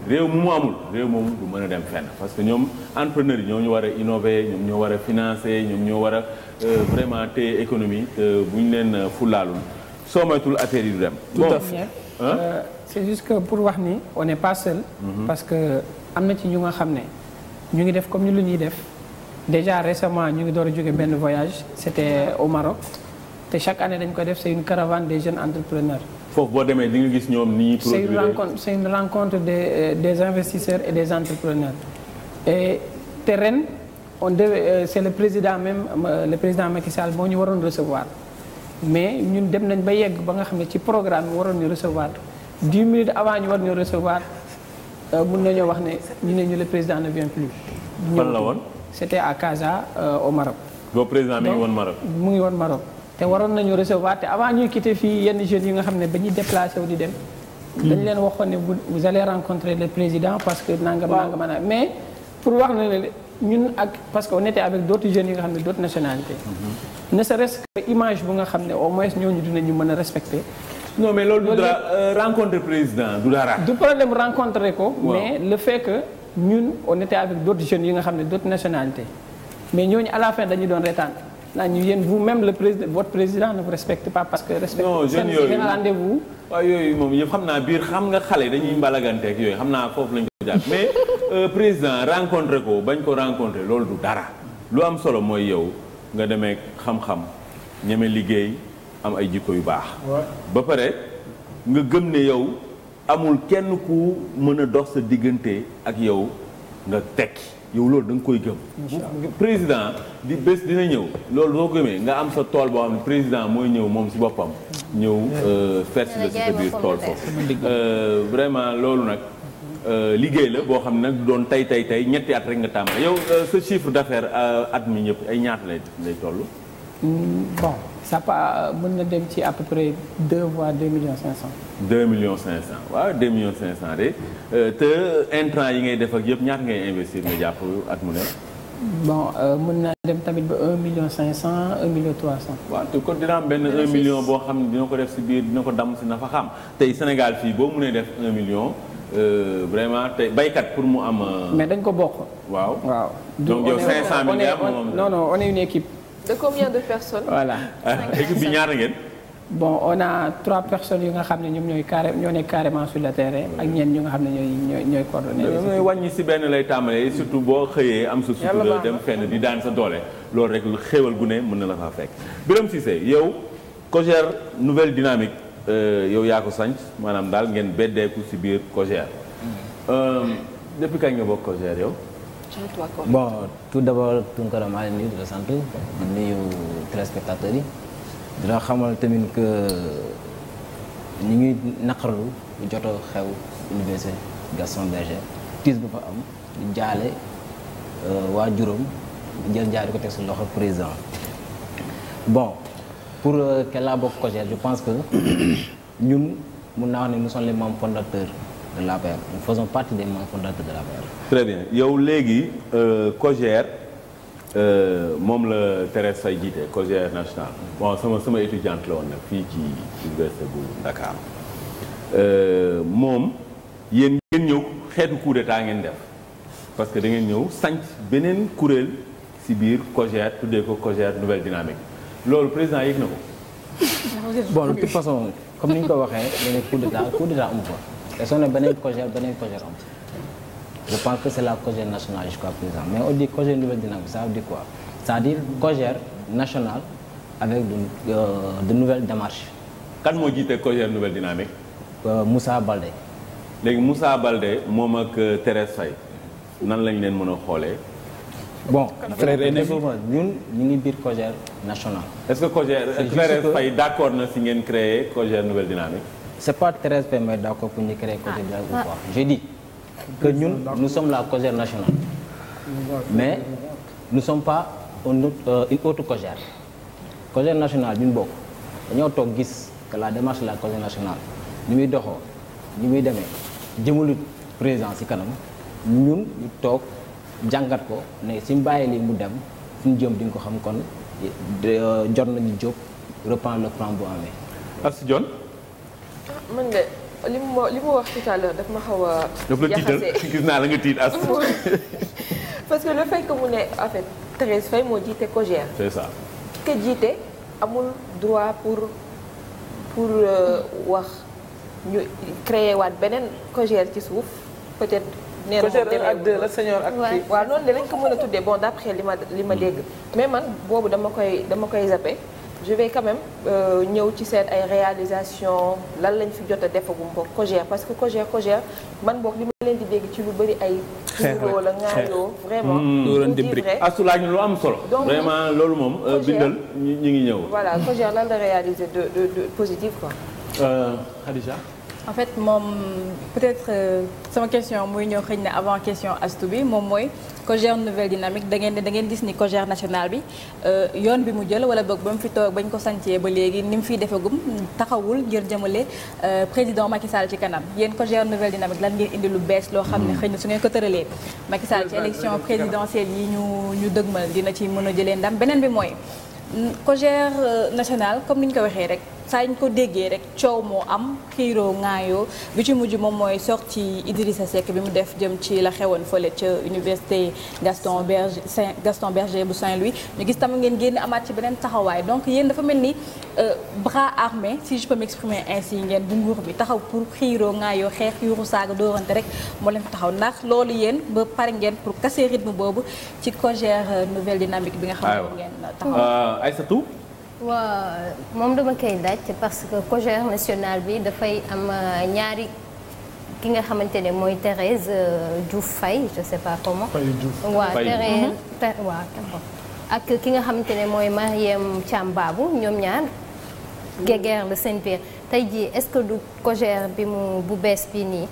réew mu mu amul réew moom du mën a dem fenn parce que ñoom entrepreneurs yi ñoo ñu war a innover ñoom ñoo war a financer ñoom ñoo war a euh, vraiment te économie te buñ leen fulaalul soo moytul affaire yi du dem. tout c'est juste que pour wax ni on n'est pas seul. Mm-hmm. parce que am na ci ñu nga xam ne. ñu ngi def comme ñu lu ñuy def déjà récemment ñu ngi door a jóge benn voyage c'était au Maroc te chaque année dañ ko def c'est une caravane des jeunes entrepreneurs. foofu boo demee di nga gis ñoom ni ñuy produire c'est une rencontre c'est une rencontre euh, des investisseurs et des entrepreneurs et te ren on devait euh, c'est le président même euh, le président Macky Sall moo ñu waroon recevoir mais ñun dem nañ ba yegg ba nga xam ne ci programme waroon ñu recevoir dix minutes avant ñu war recevoir. Euh, mun nañoo wax ne ñu ne ñu le président ne vient plus. fan la woon c'était à Casa euh, au Maroc. boobu président mi ngi woon Maroc. mu ngi woon Maroc te waroon nañu recevoir te avant ñuy quitter fii yenn jeunes yi nga xam ne ba ñuy déplacé wu di dem. dañ leen waxoon ne vous allez rencontrer le président parce que nangam nangam a mais pour wax na ne ñun ak parce que on était avec d'autres jeunes yi nga xam ne d'autres nationalités. Mhm. ne serait-ce que image bu nga xam ne au moins ñooñu dinañu mën a respecter. non mais loolu du dara euh, rencontre président du dara. du problème rencontré ko. mais le fait que ñun on avec d'autres jeunes yi nga xam ne d'autres nationalités. mais ñooñu à la fin dañu doon retaan naa ñu yéen vous même le président votre président ne vous respecte pas parce que. respecte seen seen rendez-vous. yooyu moom yëpp xam naa biir xam nga xale dañuy mbalaganteeg yooyu xam naa foofu lañ ko jàpp mais euh, président rencontré ko bañ ko rencontré loolu du dara lu am solo mooy yow nga demee xam-xam liggéey. am ay jikko yu baax. ba pare nga gëm ne yow amul kenn ku mën a dox sa diggante ak yow nga tekki yow loolu da nga koy gëm. président di bés dina ñëw loolu boo gëmee nga am sa tool boo xam ne président mooy ñëw moom si boppam. ñëw euh, fekk la si sa tool foofu. Euh, vraiment loolu nag. Euh, liggéey la boo xam ne nag doon tey tey tey ñetti at rek nga tàmbali yow sa chiffre d'affaires at mi ñëpp ay ñaata lay lay toll. Mm, ça pas mën na dem ci à peu près deux voire deux millions cinq cent. deux million cinq cent waaw deux millions cinq cent de euh, te intrant yi ngay def yëpp ñaata ngay investir nga jàpp at mu ne. bon euh, mën naa dem tamit ba un million cinq cent un million trois cent. waaw te kon dina benn million boo xam ne dina ko def si biir dina ko damm si nafa xam tey Sénégal fii boo mënee def un million. Euh, vraiment tey baykat pour mu am. mais dañ ko bokk. waaw waaw. yow 500 000 nga am moom une équipe. de combien de personnes. voilà équipe bi ñaata ngeen. bon on a trois personnes yu nga xam ne ñoom ñooy carré ñoo nekk carrément sur le terrain ak ñenn ñu nga xam ne ñooy ñooy ñooy wàññi si benn lay tàmbalee surtout boo xëyee am sa sutura dem fenn di daan sa doole loolu rek lu gune gu mën na la faa fekk. Birame Cissé yow COJER nouvelle dynamique euh, yow yaa ko sanc maanaam daal ngeen beddeeku si biir COJER euh, depuis kañ nga bokk COJER yow. bon tout d'abord Tounkara maa leen nuyu di la sant di nuyu téléspectateurs yi di la xamal tamit que ni ngi naqarlu joto xew université Gaston Berger tiis bu fa am jaale euh, waa juróom jël jaare ko teg si loxo président bon pour Kella euh, Bokk Kojer je pense que ñun mun naa wax ne nous sommes les membres fondateurs de l'APR nous faisons partie des membres fondateurs de l'APR. très bien yow léegi euh, COJER euh, moom la Thérèse Faye jiite COJER national bon sama sama étudiante la woon nag fii ci université bu Dakar euh, moom yéen ngeen ñëw xeetu coup d'état ngeen def parce que da ngeen ñëw sanc beneen kuréel si biir COJER tuddee ko COJER nouvelle dynamique loolu président yëg na ko. bon de toute façon comme ni ñu ko waxee da coup d'état coup ko. et soo ne beneen COJER beneen COJER am je pense que c' est la COJER nationale jusqu'à présent mais on dit COJER nouvelle dynamique ça veut dire quoi c'est-à-dire COJER nationale avec de, euh, de nouvelles démarches. kan moo jiite COJER nouvelle dynamique. Euh, Moussa Balde. léegi Moussa Balde moom ak euh, Thérèse fay nan lañ leen mën a xoolee. bon frère ñun ñu ngi biir COJER national. est-ce que COJER Thérèse Faye d'accord na si ngeen créer COJER nouvelle dynamique. c'est pas Thérèse Faye mais d'accord pour ñu créer COJER Dialogue ah, ou ah. pas je dis que ñun nous sommes la COJER nationale mais nous sommes pas euh, une autre COJER national bi ñun bokk dañoo toog gis que la démarche de la COJER nu muy doxo ni muy demee jëmulu président ci kanam ñun ñu toog jàngat ko ne suñ bàyyi lii mu dem fu ñu jëm di ko xam kon jot nañu jóg reprendre le plan bu amee. man de li mu li mu wax tout à l'heure daf ma xaw a. daf la tiital gis naa parce que le fait que mu ne en fait Thérèse moo jiite COJER. c'est ça. ki jiite amul droit pour pour euh, wax ñu créer waat beneen COJER ci suuf peut-être. nee na ak deux la senior ak waaw noonu de lañ ko mën a tuddee bon d'après li ma li ma dégg. mais man boobu dama koy dama koy zappé. je vais quand même euh, ñëw ci seet ay réalisation lan lañ fi jot a defagum boog COJER parce que COJER COJER man boog li ma leen di dégg ci lu bëri ay. xeex la ŋaayoo mm. vraiment. loolu di vrai asulaaj ah, lu am solo. vraiment loolu moom euh, bindal ñu ngi ñëw. voilà COJER lan la réaliser de de de positif en fait moom peut-être euh, sama question muy ñëw xëñ ne avant question astu bi moom mooy COJER nouvelle dynamique da ngeen da ngeen gis ni COJER national bi euh, yoon bi mu jël wala boog ba mu fi toog bañ ko sancee ba léegi ni mu fiy defagum taxawul ngir jëmale euh, président Macky Sall ci kanam yéen COJER nouvelle dynamique lan ngeen indi lu bees loo xam ne hmm. xëy na su ngeen ko tëralee Macky Sall ci élection présidentielle yi ñu ñu dëgmal dina ci mën a jëlee ndam beneen bi mooy COJER national comme ni ñu ko waxee rek saa ñu ko déggee rek coow moo am xiiroo ŋaayoo bi ci mujj moom mooy sortie Idrissa Seck bi mu def jëm ci la xewoon fële ca université Gaston Berger Saint Gaston Berger bu Saint-Louis ñu gis tam ngeen génn amaat ci beneen taxawaay donc yéen dafa mel ni euh, bras armé si je peux m'exprimer ainsi ngeen bu nguur bi taxaw pour xiiroo ŋaayoo xeex yuuxu saaga doorante rek moo fa taxaw ndax loolu yéen ba pare ngeen pour casser rythme boobu ci cogère euh, nouvelle dynamique bi nga xam ne ngeen waaw moom dama koy laaj parce que COJER national bi dafay am euh, ñaari ki nga xamante ne mooy Thérèse euh, Diouf Faye je sais pas comment. Faye Diouf mhm. ak ki nga xamante ne mooy Mariam Thiam Babou ñoom ñaar gegeer la seen biir tey jii est-ce que du COJER bi mu bu bees bi nii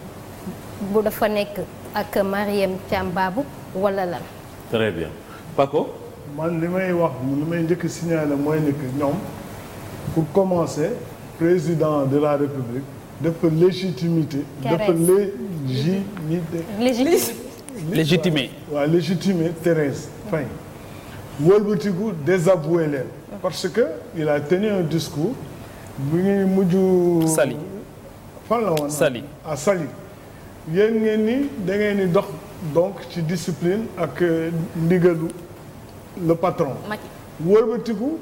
bu dafa nekk ak Mariam Thiam Babou wala lan. très bien man li may wax li may njëkk signaler mooy nekk ñoom pour commencer président de la république def légitimité dafa légitimité légitimé waaw légitimé Thérèse Faye wëlbatiku désavoué leen parce que il a tenu un discours bu ñuy mujj Saly fan la woon Saly ah Saly yéen ngeen ni da ngeen dox donc ci discipline ak euh, ndigalu le patron. Macky wëlbatiku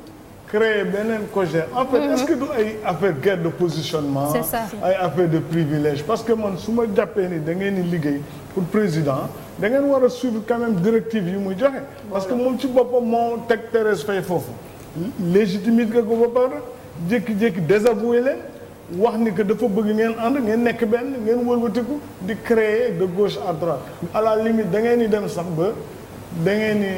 créer beneen cogère. en fait mhm. est-ce que du ay affaire guerre de positionnement. c'est ay affaire de privilège parce que man su ma jàppee ni da ngeen di liggéey pour président dangeen ngeen war a suivre quand même directive yu muy joxe. parce que moom ci boppam moo teg Thérèse Faye foofu. légitimité nga ko ba pare jékki-jékki désavoué leen. wax ni que dafa bëgg ngeen ànd ngeen nekk benn ngeen wëlbatiku di créer de gauche à droite à la limite da ngeen di dem sax ba ngeen di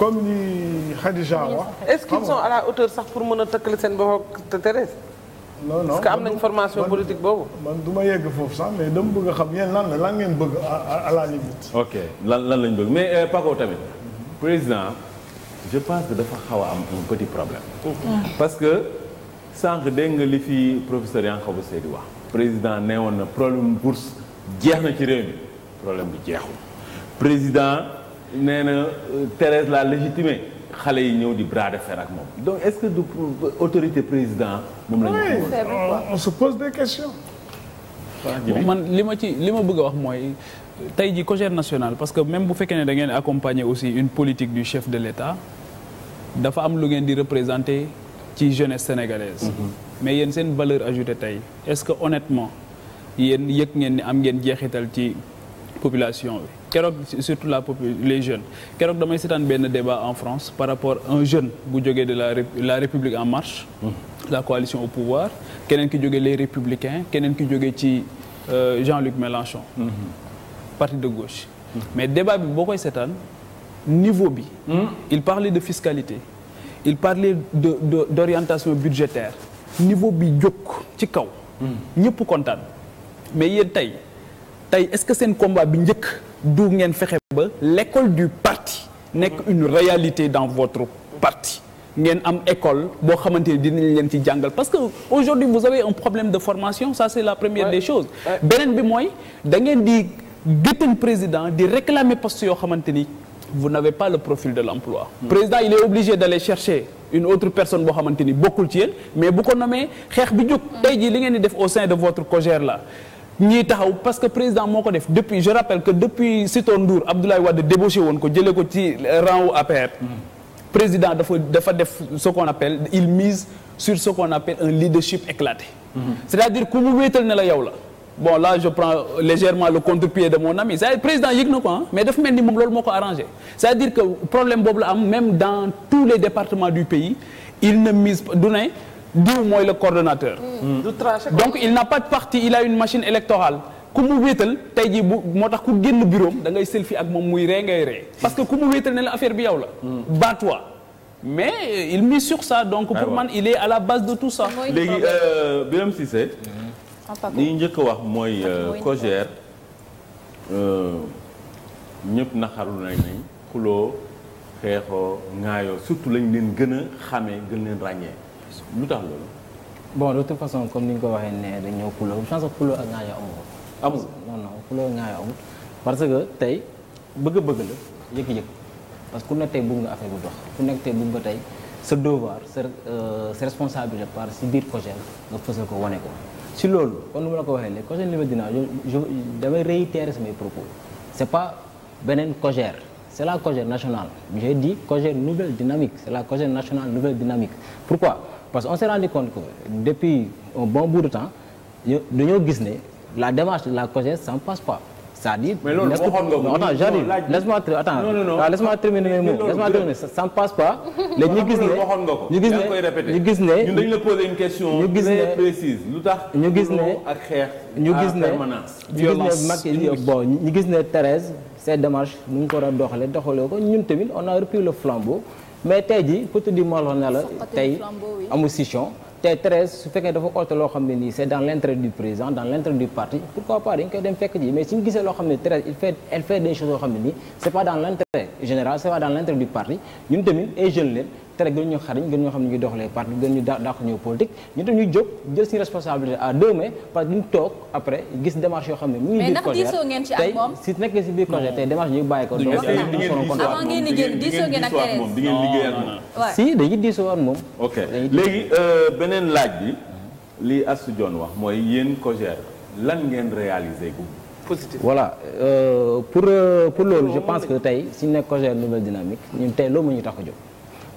comme ni Khadija wax. est-ce qu'ils sont à la hauteur sax pour mën a tëkkale seen bopp ak Thérèse. non non parce que am nañ formation politique boobu. man ma yegg foofu sax mais dama bëgg xam yéen lan la lan ngeen bëgg à la limite. lan lan lañ bëgg mais euh, Paco tamit président je pense que dafa xaw a am un petit problème. parce que sànq dégg nga li fi professeur Yankhoba Seydi wax. président nee woon na problème bourse jeex na ci réew problème bi jeexul président. nee na euh, Thérèse l'a légitimé xale yi ñëw di bras de fer ak moom donc est-ce que du autorité président moom la ñu on se pose des questions man li ma ci li ma bëgg wax mooy tey ji COJER national parce que même bu fekkee ne da ngeen accompagner aussi une politique du chef de l'État dafa am lu ngeen di représenter ci jeunesse sénégalaise mm-hmm. mais yéen seen valeur ajouté tey est-ce que honnêtement yéen yëg ngeen ni am ngeen jeexital ci population bi keroog surtout la population les jeunes keroog damay seetaan benn débat en France par rapport un jeune bu jógee de la la République en marche. Mm. la coalition au pouvoir keneen ki jógee les républicain keneen ki jógee ci euh, Jean-Luc Mélenchon. Mm-hmm. parti de gauche. mais débat bi boo koy seetaan niveau bi. Mm. il parlait de fiscalité. il parlait de de d'orientation budgétaire. niveau bi jóg ci kaw. Mm. ñëpp kontaan mais yéen tey. tey est-ce que seen combat bi njëkk du ngeen fexe ba l'école du parti nekk mhm. une réalité dans votre parti ngeen am école boo xamante ni dinañ leen ci jàngal parce que aujourd'hui vous avez un problème de formation ça c'est la première ouais. des choses beneen bi mooy da ngeen di gëttan président di réclamer poste yoo xamante ni vous n'avez pas le profil de l'emploi mmh. président il est obligé d'aller chercher une autre personne boo xamante ni bokkul ci yéen mais bu ko nommee xeex bi jóg mhm. jii li ngeen di def au sein de votre COJER là ñiy taxaw parce que président moo ko def depuis je rappelle que depuis Sitor Ndour Abdoulaye Wade débauché woon ko jëlee ko ci rang wu APR. président dafa dafa def ce qu'on appelle il mise sur ce qu'on appelle un leadership éclaté. c'est-à-dire ku mu wéetal ne la yow la. bon là je prends légèrement le contre-pied de mon ami c'est-à-dire ko mais dafa ni moom loolu moo ko arrangé c'est-à-dire que problème boobu la am même dans tous les départements du pays il ne mise du ne diw mooy le coordonnateur. Mm. donc il n'a pas de parti il a une machine électorale. ku mu wéetal tey jii bu moo tax ku génn bureau da ngay selfie ak moom muy ree ngay ree parce que ku mu wéetal ne la affaire bi yow la. Mm. bats mais il mise sur ça donc. Ah pour man il est à la base de tout ça. léegi euh, Birame Cissé. Mm-hmm. li njëkk a wax mooy euh, COJER. Euh, ñëpp naxaru nañ ni xuloo xeexoo ŋaayoo surtout lañ leen gën a xamee gën leen ràññee. lu tax loolu. bon de toute façon comme ni nga ko waxee ne dañoo xuloo chance ak xuloo ak ŋaayoo amu ko. parce que tey bëgg-bëgg la yëkk-yëkk parce que ku nekk tey bëgg nga affaire bu dox ku nekk tey bëgg nga tey sa devoir sa euh, sa responsabilité par si biir projet nga fësal ko wane ko. si loolu kon nu ma la ko waxee léegi COJER Liberdina je damay réitérer samay propos c' pas beneen COJER c' la COJER national j'ai dit COJER nouvelle dynamique c' la COJER nationale nouvelle parce que on s'est rendu compte que depuis bon bout dañoo gis ne la démarche la COJER san ne passe pas. c'est-à-dire mais loolu waxoon nga ko attends j'arrive laisse ah, ñu gis ne waxoon nga ko ñu gis ne ñu gis ne ak xeex ñu gis ne ñu gis ne mag ñu gis ne Thérèse ces démarches nu mu ko a doxalee doxalee ko ñun tamit on a repris le flambeau mais tey ji pour te dire moo la la tey amul scission tey treize su fekkee dafa oote loo xam ne nii c'est dans l'intérêt du président dans l'intérêt du parti pourquoi pas dañ koy dem fekk ji mais suñu gisee loo xam ne treize il fait des choses yoo xam ne nii c'est pas dans l'intérêt général c'est pas dans l'intérêt du parti ñun tamit ay jeunes leen tere gën ñu xariñ gën ñoo xam ne ñuy doxalee parti gën ñu dàq ñëw ñu jóg jël suñu responsabilité à deux mains parce que duñ toog après gis démarche yoo xam ne mu ngi biir colère tey si nekk si biir colère tey démarche ñu bàyyi ko do avant di génn di ngeen liggéey moom léegi euh, beneen laaj bi li Astou Dione wax mooy yéen COJER lan ngeen réaliser gu positif voilà euh, pour euh, pour loolu je pense que tey si nekk COJER nouvelle dynamique ñun tey loolu moo ñu tax a jóg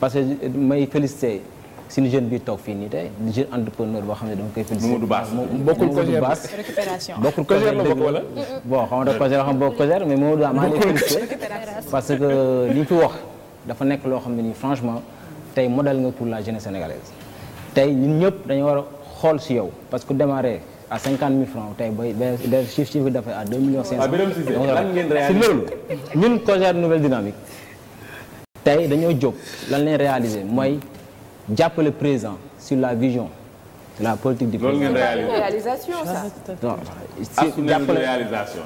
parce que may félicité suñu jeune bi toog fii nii tey di jeune entrepreneur boo xam ne dama koy félicité. Mamadou Bass bokkul Cogère récupération bokkul Cogère xam nga Cogère xam félicité parce que li fi wax dafa nekk loo xam ne nii franchement tey modèle nga pour la jeunesse sénégalaise tey ñun ñëpp dañu war a xool si yow parce que démarrer à cinquante mille francs tey bay bay chiffre chiffre d'affaires à deux millions cent. waaw ah, si lan ngeen réalisé si nouvelle dynamique. tey dañoo jóg lan lañ réaliser mooy jàppale président sur la vision de la politique du président. loolu ngeen réalisation ça. non si ah, jàppale réalisation.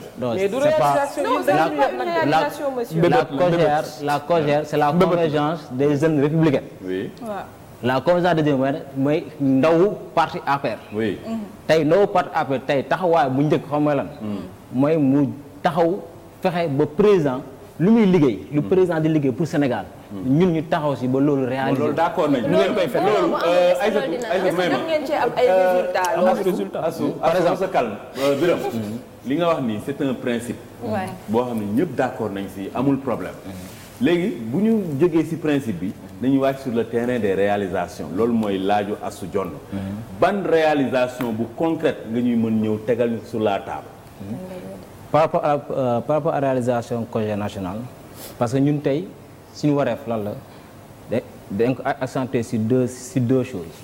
la la COJER la c'est la convergence des jeunes républicains. oui la convergence des jeunes mooy ndaw parti affaire oui tey ndawu parti APR tey taxawaay bu njëkk xam nga lan. Mm. mooy mu taxaw fexe ba président. li muy liggéey. lu mm. président di liggéey pour Sénégal. Mm. ñun ñu taxaw si ba loolu réalisé. loolu d'accord nañu ñu leen koy fekk loolu. Euh, Aïssatou Aïssatou may ma ngeen cee am ay euh, résultats. am résultat par sa calme euh, mm-hmm. li nga wax nii c'est un boo xam ne ñëpp d'accord nañ si amul problème. Mm-hmm. léegi bu ñu jógee ci principe bi nañu wàcc sur le terrain des réalisations loolu mooy laaju asu jonn mm-hmm. ban réalisation bu concrète nga ñuy mën ñëw tegal ñu sur la table par rapport à euh, par rapport à réalisation projet national parce que ñun tey suñu wareef lan la da dañ ko accentuer sur deux sur deux choses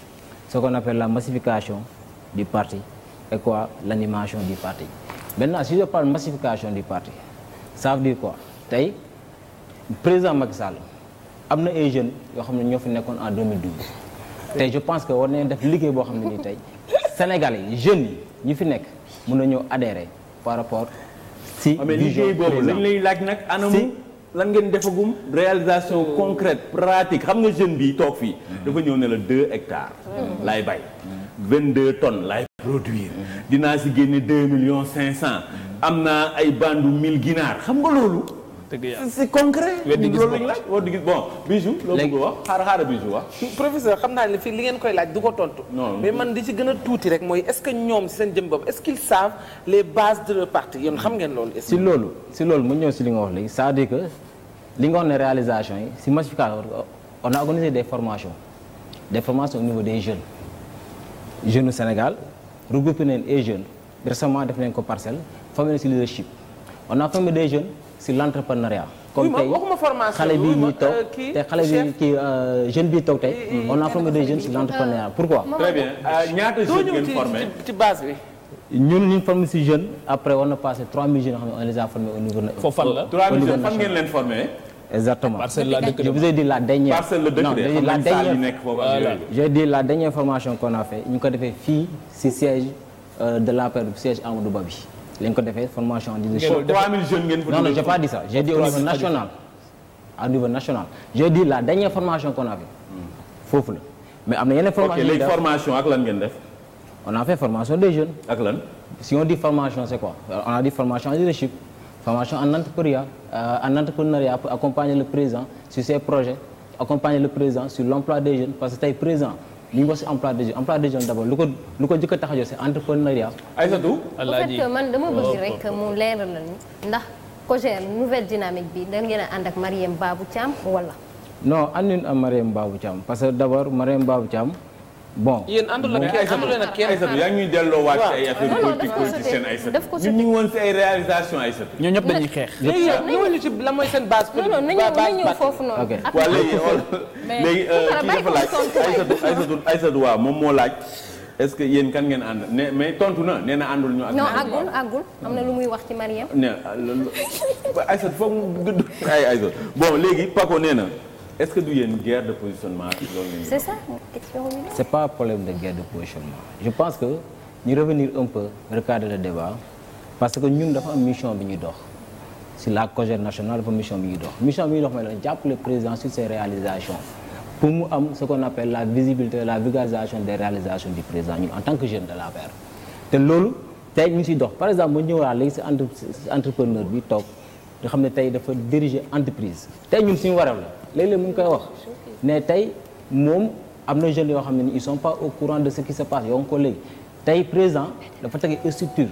ce qu'on appelle la massification du parti et quoi l'animation du parti maintenant si je parle massification du parti ça veut quoi tey président Macky Sall am na ay jeunes yoo xam ne ñoo fi nekkoon en 2012 tey je pense que war nañu def liggéey boo xam ne nii tey Sénégalais yi jeunes yi ñu fi nekk mun na ñëw adhérer par rapport si ah, mais boobu lañ lay laaj nag anamu lan ngeen defagum réalisation hmm. concrète pratique xam nga jeune bi toog fii dafa ñëw ne la deux hectares hmm. laay bay vingt-deux tonnes laay produire hmm. dinaa si génne deux millions cinq cent am na ay bandu mille ginaar xam nga loolu dëgg yàlla c'est concret. weddi loolu lañ laaj loolu bëgg wax xaaral xaaral bijou wax. professeur xam naa ne fii li ngeen koy laaj du ko tontu. mais man di ci gën a tuuti rek mooy est-ce que ñoom si seen jëm bopp est-ce xam ngeen loolu. si loolu si loolu mu ñëw si li que li nga wax ne réalisation yi si Magnificat on a organisé des formation des formations au de des jeune jeunes Sénégal regroupé neen ay jeunes récemment def nañ ko parcelle formé si si l'entrepreneuriat. comme tey xale bi ñuy toog euh, te xale bi kii euh, jeune toog tey. on a formé des jeunes sur l'entrepreneuriat pourquoi. très euh, ñun ñu si jeune après war na passé 3000 jeunes yoo xam ne on les a formés la 3000 jeunes fan ngeen leen formé. exactement parcelle la dëkk la dernière. de la dernière formation qu'on a fait ñu ko defee fii si siège de l'APR siège Amadou Ba bi. lañ ko defee formation en leadership. 3000 ngeen non non j'ai pas dit ça j'ai dit au niveau national. à niveau national j'ai dit la dernière formation qu'on a fait. foofu la mais am na yeneen formation ok léegi formation ak lan ngeen def. on a fait formation des jeunes. ak lan si on dit formation c'est quoi on a dit formation en leadership formation en entrepreneuriat euh, en entrepreneuriat pour accompagner le président sur ses projets accompagner le président sur l'emploi des jeunes parce que tey président. li ñu wax si emploi des jeunes lu ko lu ko njëkk a tax a jóg c' est entrepreneuriat. Aïssatou. man dama bëgg rek mu leeral la ndax COJER nouvelle dynamique bi da ngeen a ànd ak Mariem Babou Thiam wala. non ànduñu am Mariem baabu caam parce que d' abord Mariem Babou Thiam. bon yéen àndul la ak kenn Aïssatou yaa ngi ñuy delloo waat ci ay affaire politique politicienne Aïssatou ñun ñu ngi woon ci ay réalisation Aïssatou ñoom ñëpp dañuy xeex léegi yow la mooy seen base non ñëw foofu noonu waaw léegi léegi euh, kii dafa laaj Aïssatou Aïssatou Aïssatou waaw moom moo laaj est-ce que yéen kan ngeen ànd ne mais tontu na nee àndul ñu. ak non àggul àggul am na lu muy wax ci Mariam. ne ah, Aïssatou foog ay Aïssatou bon léegi Paco nee est-ce que du yéen guerre de positionnement loolu c'est ça c'est je pense que ñu revenir un peu parce que ñun dafa am mission bi ñuy dox si la COJER nationale dafa mission bi ñuy dox mission bi ñuy jàppale président sur ses mu am ce qu'on appelle la visibilité la vulgarisation des réalisations du président ñun en tant que jeune de l'APR te loolu tey ñu si dox par exemple bu ñëwaa léegi si entrepreneur bi toog nga xam ne tey dafa diriger entreprise tey ñun ñu waral la léeg-léeg mu ngi koy wax ne tey moom am na jeunes yoo xam ne ils sont pas au courant de ce qui se passe yow nga ko léegi tey président dafa teg structure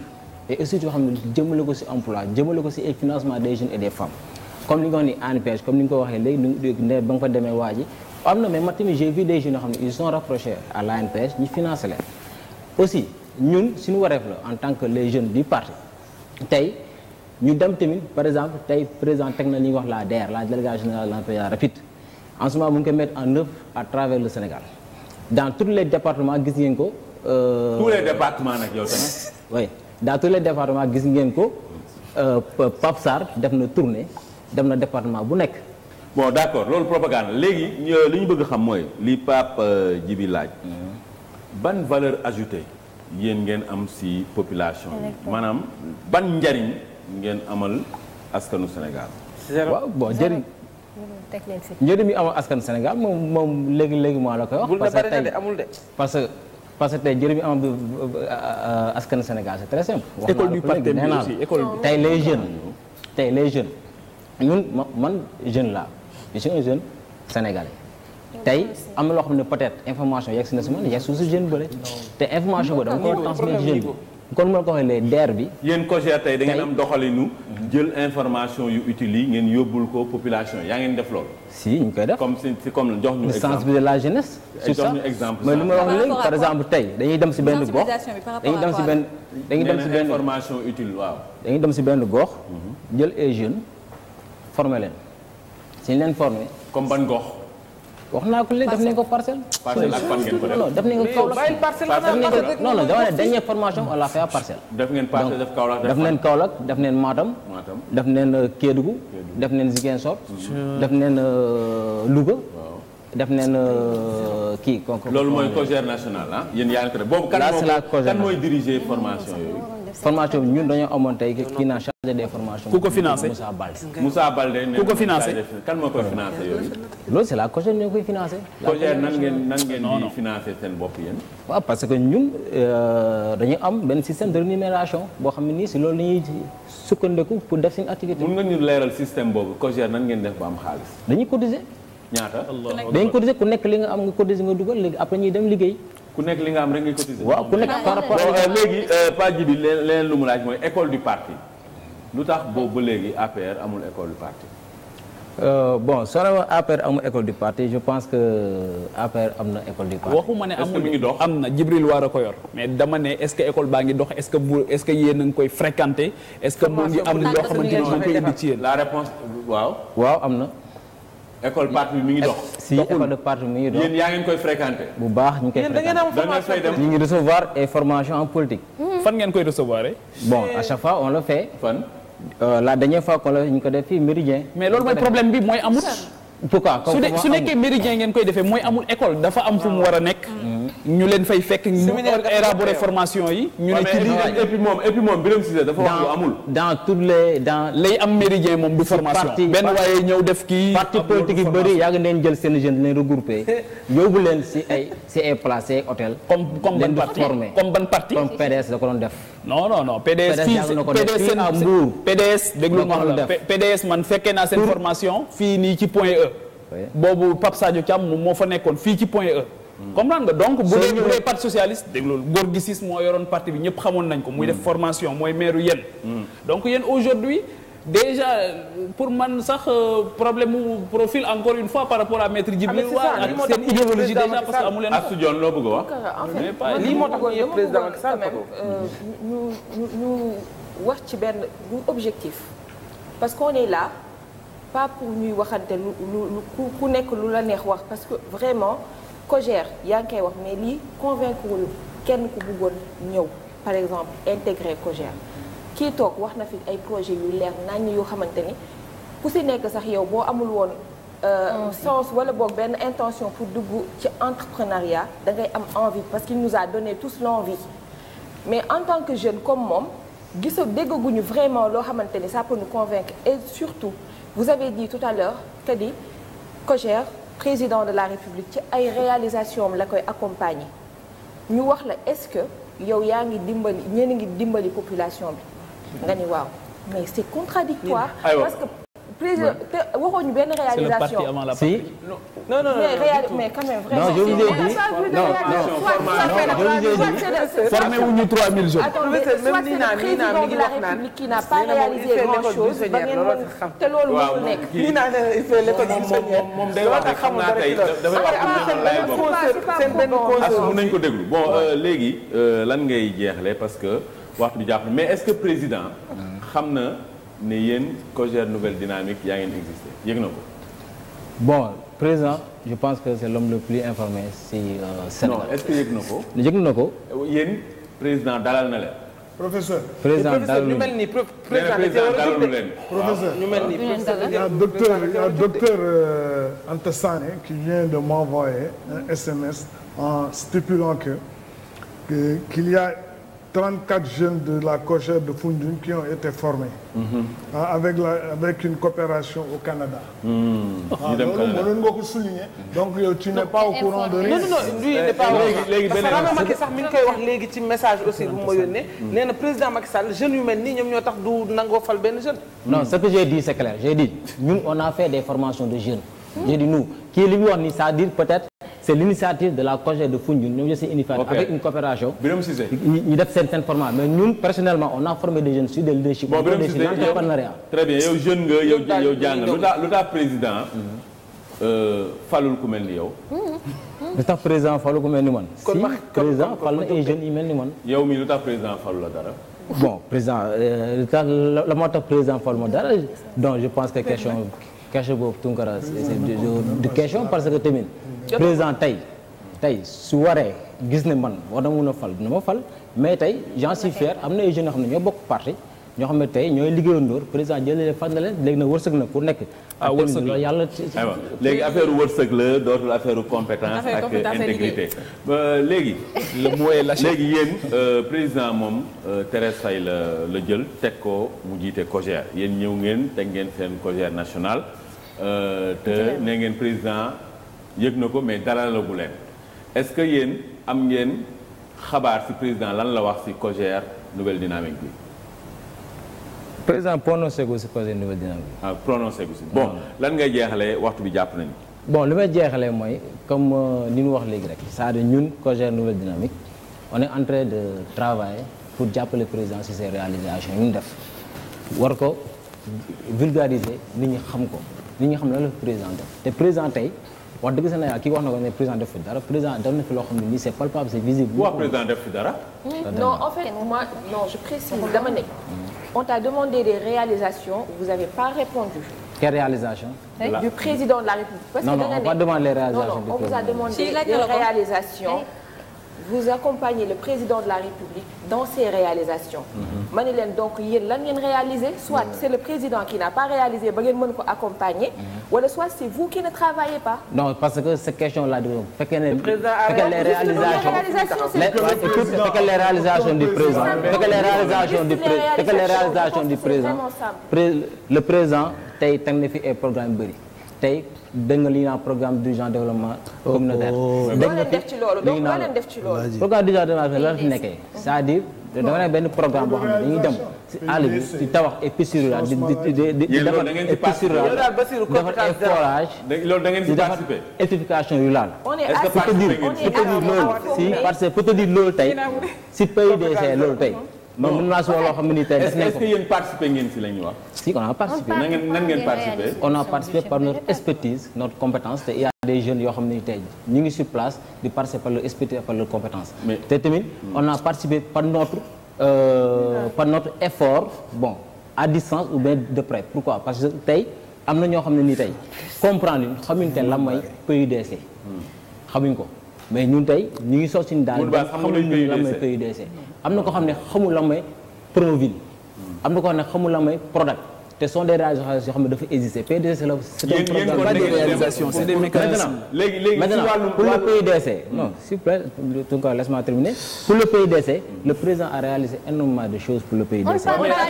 et yoo xam ne jëmale ko ci emploi jëmale ko ci ay financement des jeunes et des femmes comme li nga wax ni ANPEJ comme ni nga ko waxee léegi ne ba nga fa demee waa ji am na mais man tamit j'ai vu des yoo xam ne ils sont rapprochés à l'ANPEJ ñu financé leen aussi ñun si suñu wareef la en tant que les jeunes du parti tey ñu dem tamit par exemple tey président teg na li wax la DER la délégation générale de l'emploi rapide en ce mu ngi koy mettre en œuvre à travers le Sénégal dans tous les départements gis ngeen ko. Euh, tous les départements nag yow tamit. oui dans tous les départements gis ngeen ko euh, Pape Sarr def na tournée dem na département bu nekk. bon d' accord loolu propagande léegi li ñu bëgg xam mooy li Pape euh, Djibi laaj. Mhm. ban valeur ajoutée yéen ngeen am si population bi. maanaam ban njariñ. ngeen amal askanu Sénégal. waaw bon jëriñ. njëriñ mi amal askanu Sénégal moom moom léegi léegi moo la koy wax. parce que amul de. parce que parce que tey njëriñ mi amal euh, askanu Sénégal c'est très simple. wax école bi partem bi aussi école bi tey les jeunes. tey les jeunes ñun man jeune la je suis un jeune sénégalais. tey am na loo ne peut information yegg si na si man yegg su si jeune bële. te information boobu dama ko transmettre jeune bi. kon ma la ko waxee DER bi. yéen COJER tey da ngeen am doxalinu. jël information yu utile yi ngeen yóbbul ko population yaa ngeen def loolu. si ñu koy def comme si comme jox ñu. exemple sensibiliser la jeunesse. sur ça mais li ma wax léegi par exemple tey dañuy dem si benn gox. dañuy dem si benn dañuy dem si benn information utile waaw. dañuy dem si benn gox. Mhm. jël ay jeunes former leen. si ñu leen former. comme ban gox. wax naa ko léegi def nañ ko parcelle. parcelle ak fan ko def non def nañ ko Kaolack. bàyyi parcelle ko non non dama ne dernière formation on l'a fait à parcelle. def ngeen parcelle def Kaolack def nañ Kaolack def nañ Matam. Matam def euh, def nañ Ziguinchor. Mhm. Euh, Louga. def nañ euh, kii. loolu mooy COJER national ah. yéen yaa boobu kan moo kan mooy diriger formation yooyu. formation bi ñun dañoo amoon tey kii naa chargé des formations. ku ko financé Moussa Balde. Moussa Balde ku ko financé. kan moo koy financé yooyu. loolu c' est la COJER ñoo koy financé. Euh, boo xam ne nii si loolu la ñuy sukkandiku pour def seen activité. mun nga ñu leeral système boobu COJER nan ngeen def ba am xaalis. dañuy cotiser. ñaata dañ cotiser ku nekk li nga am nga cotiser nga dugal léegi après ñuy dem liggéey. ku nekk li nga am rek ngay cotiser. waaw ku nekk par rapport léegi euh, Pa Djibi leneen lu mu laaj mooy école du parti lu tax boobu ba léegi APR amul école du parti. Euh, bon soo APR je pense que euh, APR am na école du parti. waxuma ne amul mi ngi am na Jibril war a ko yor. mais dama ne est-ce que école baa ngi dox est-ce que bu est-ce que yéen koy fréquenter est-ce que moo ngi am loo xamante ni moo ngi koy indi la réponse waaw am na. école part bi ngi dox. si école part bi mi ngi dox bu baax ñu koy fréquenter ñu ngi recevoir ay formation en politique. Mhm. fan ngeen koy recevoir bon à chaque fois on le fait. fan euh, la dernière fois qu'on la ñu ko def fii méridien. mais loolu mooy problème bi mooy amul. pourquoi su nekkee méridien ngeen koy defee mooy amul école dafa am fu mu ah. war a nekk. Mm. ñu leen fay fekk ñu élaborer formation yi ñu ne ci lii et puis dans toutes les dans lay am méridien moom du formation benn waaye ñëw def kii parti politique yi bëri yaa jël seen jeune leen regroupé leen si ay si ay place hôtel comme comme ban parti ban parti comme da ko doon def non non non PDS fii PDS man fekkee naa seen formation fii nii ci point E boobu Pape Sadio Thiam moom moo fa nekkoon fii ci point E comprendre nga donc bu dee bu dee parti socialiste dégg loolu góor gi siis moo yoroon parti bi ñëpp xamoon nañ ko muy def formation mooy maire yéen mm. donc yéen aujourd'hui déjà pour man sax euh, problème mu profil encore une fois par rapport à maître Djibril ah, War ak seen idéologie déjà parce que amu leen Astou Dione loo bëgg wax lii moo euh, wax ci benn ñu objectif parce qu'on est là pas pour ñuy waxante lu lu ku nekk lu la neex wax parce que vraiment COJER yaa ngi koy wax mais lii convaincre wul kenn ku bëggoon ñëw par exemple intégrer COJER kii toog wax na fi ay projet yu leer nañ yoo xamante ni ku si nekk sax yow boo amul woon euh, ah, sens wala boog benn intention pour dugg ci entrepreneuriat da ngay am envie parce qu'il nous a donné tous l'envie mais en tant que jeune comme moom gisoo déggaguñu vraiment loo xamante ni ça nu nous convaincre et surtout vous avez dit tout à l'heure que di COJER président de la république ci ay réalisation la koy accompagner ñu wax la est-ce que yow yaa ngi dimbali ñenn ngi dimbali population bi nga ni waaw mais c'est contradictoire parce que président te waxuñu benn réalisation si. non non non mais quand même vraiment. non je vous ai dit non non formé wu ñu 3000 jeunes. soit c'est le président de la République qui n'a pas réalisé grand chose ba ngeen mën te loolu nekk. Euh, moom moom day wax naa tey dafay wax am na lu lay bokk. as mën ko déglu bon euh, léegi euh, lan ngay jeexle parce que waxtu bi jàpp mais est-ce que président mm. xam na. ne yéen COJER nouvelle dynamique yaa ngeen existé yëg bon président je pense que c' l'homme le plus informé si euh, Sénégal. non est ce que yëg président dalal na leen. professeur président dalal ni président dalalu leen. professeur ñu euh, qui vient de m'envoyer un SMS en stipulant que qu'il y a. 34 jeunes de la cochère de Foundiougne qui ont été formés. Mm -hmm. ah, avec la avec une coopération au Canada. ñu mhm. ah, dem Canada loolu mënoon nga ko souligner. donc yow euh, tu n'es non non lui il n'est pas au courant léegi beneen Macky sax mi ngi koy wax léegi ci message aussi bu ma yónnee. Mhm. nee na président Macky jeunes yu mel nii ñoom ñoo tax du nangoo fal benn jeune. non ce que j'ai dit c'est clair j'ai dit ñun on a fait des formations de jeunes. j'ai dit nous kii li mu wax nii cest dire peut-être. c'est l'initiative de la COJER de Foundiougne ñoom ñoo si unifié avec une coopération. Birame Cissé ñu def seen seen format mais ñun personnellement on a formé des jeunes sur des leadership. bon Birame Cissé yow très bien yow jeune nga yow yow jàng lu tax lu tax président. Mhm. Euh, falul ku mel ni yow. lu tax président ku mel ni man. kon ma président fal na ay yu mel ni man. yow mi lu tax président falul dara. bon président euh, lu tax la moo tax président falul ma dara donc je pense que question. question boobu Tounkara c'est de parce que tamit président tey tey su waree gis ne man war na mun a fal dina fal mais tey j'en suis fier am na ay jeunes yoo xam ne ñoo bokk parti ñoo xam ne tey ñooy liggéeyandoor président jëlee fal na leen léegi nag wërsëg na ku nekk. ah wërsëg la yàlla ah, léegi affaire wërsëg la dootul affaire compétence ak intégrité léegi. le mot est lâché léegi yéen euh, président moom euh, Thérèse Faye la la jël teg ko mu jiite COJER yéen ñëw ngeen teg ngeen seen COJER national. Euh, te ne ngeen président yëg na ko mais dara la gu leen est-ce que yéen am ngeen xabaar ci président lan la wax ci COJER nouvelle dynamique bi. président prononcé gu ci COJER nouvelle dynamique bi. Ah, bon lan ngay jeexalee waxtu bi jàpp nañu. bon li may jeexalee mooy comme euh, ni ñu wax léegi rek cest à ñun COJER nouvelle dynamique on est en de travailler pour jàppale président ci ses réalisations yu ñu def war ko vulgariser nit ñi xam ko. li nga xam ne la président def te président tey wax dëgg sa na wax na ko ne président def fi dara président def na fi loo xam ne nii c'est palpable c'est visible. waaw président def non en fait moi non je hmm. on demandé des réalisations vous avez pas répondu. quelle réalisation. du président de la République. parce que non non on va demander les réalisations. non non on vous a demandé des réalisations. vous accompagnez le président de la République dans ses réalisations. Mhm. ma ne leen donc yéen lan ngeen réaliser. soit c'est le président qui n'a pas réalisé ba ngeen mën ko accompagner. Mhm. wala soit c'est vous qui ne travaillez pas. non parce que cette question là du fekkee ne. fekkee les réalisations fekkee les réalisations du président fekkee les réalisations du pré le président tey teg na fi ay programme bëri tey. dégg nga li naan programme d'urgence développement oh, communautaire. Oh, dégg nga def ci loolu donc loo leen def ci loolu. programme d'urgence développement la fi nekkee c'est-à-dire dama ne benn programme boo xam ne dañuy dem si àll bi di tabax et piscine rurale di di di defar et piscine rurale defar et forage. loolu da ngeen di participer di defar électrification rurale. est-ce que participer ngeen si pour te dire loolu si parce que pour te dire loolu tey si PUDC loolu tey. man mën naa si wax loo xam ne nii tey def nañ ko est-ce que yéen participé ngeen si la ñu wax. si on a participé na ngeen nan ngeen participé. on a participé par notre expertise notre compétence te il y a des jeunes yoo xam ne tey ñu ngi sur place di participer par leur expertise par leur compétence. te tamit hmm. on a participé par notre euh, par notre effort bon à distance ou bien de près pourquoi parce que tey am na ñoo xam ne nii tey comprendre ñu xamuñu tey lan mooy hmm. PUDC. Hmm. xamuñ ko mais ñun tey ñu ngi soog suñu daal. xam nañu lan mooy PUDC. am na koo xam ne xamula la may Promoville am na koo xam ne xamula may Prodac te sont des réalisations yoo xam ne dafa exister PDC c'est un programme pas des réalisations c'est des mécanismes léegi léegi maintenant pour le PIDC non hmm. s'il vous plaît en tout cas laisse-moi terminer pour le PIDC le président a réalisé énormément de choses pour le PIDC on parle pas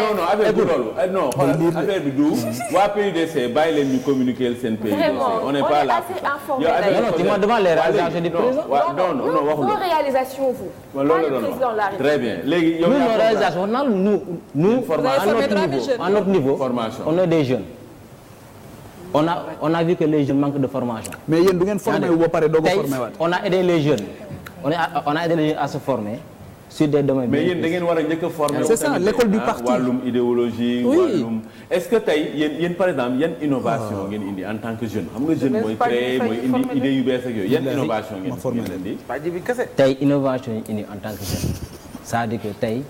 non non avec loolu non affaire bi eh, du waa PIDC bàyyi leen ñu communiquer seen PIDC on n'est pas là non non tu m'as demandé réalisation vous la République très bien léegi yow village on a nous nous à notre formation. on a des jeunes. on a on a vu que les jeunes manquent de formation. mais yéen du ngeen formé wu ba pare doo ko formé on a aidé les jeunes on a on a aidé les jeunes à se former. sur des domaines mais yéen da ngeen war a njëkk a former. c'est ça l'école du ah, parti wàllum idéologie wàllum est-ce que tey yéen par exemple yan innovation ah. ngeen indi en tant que jeune xam nga jeune mooy créer mooy indi idée yu bees ak yooyu yan innovation ngeen indi. tey innovation yi indi en tant que jeune c'est-à-dire que tey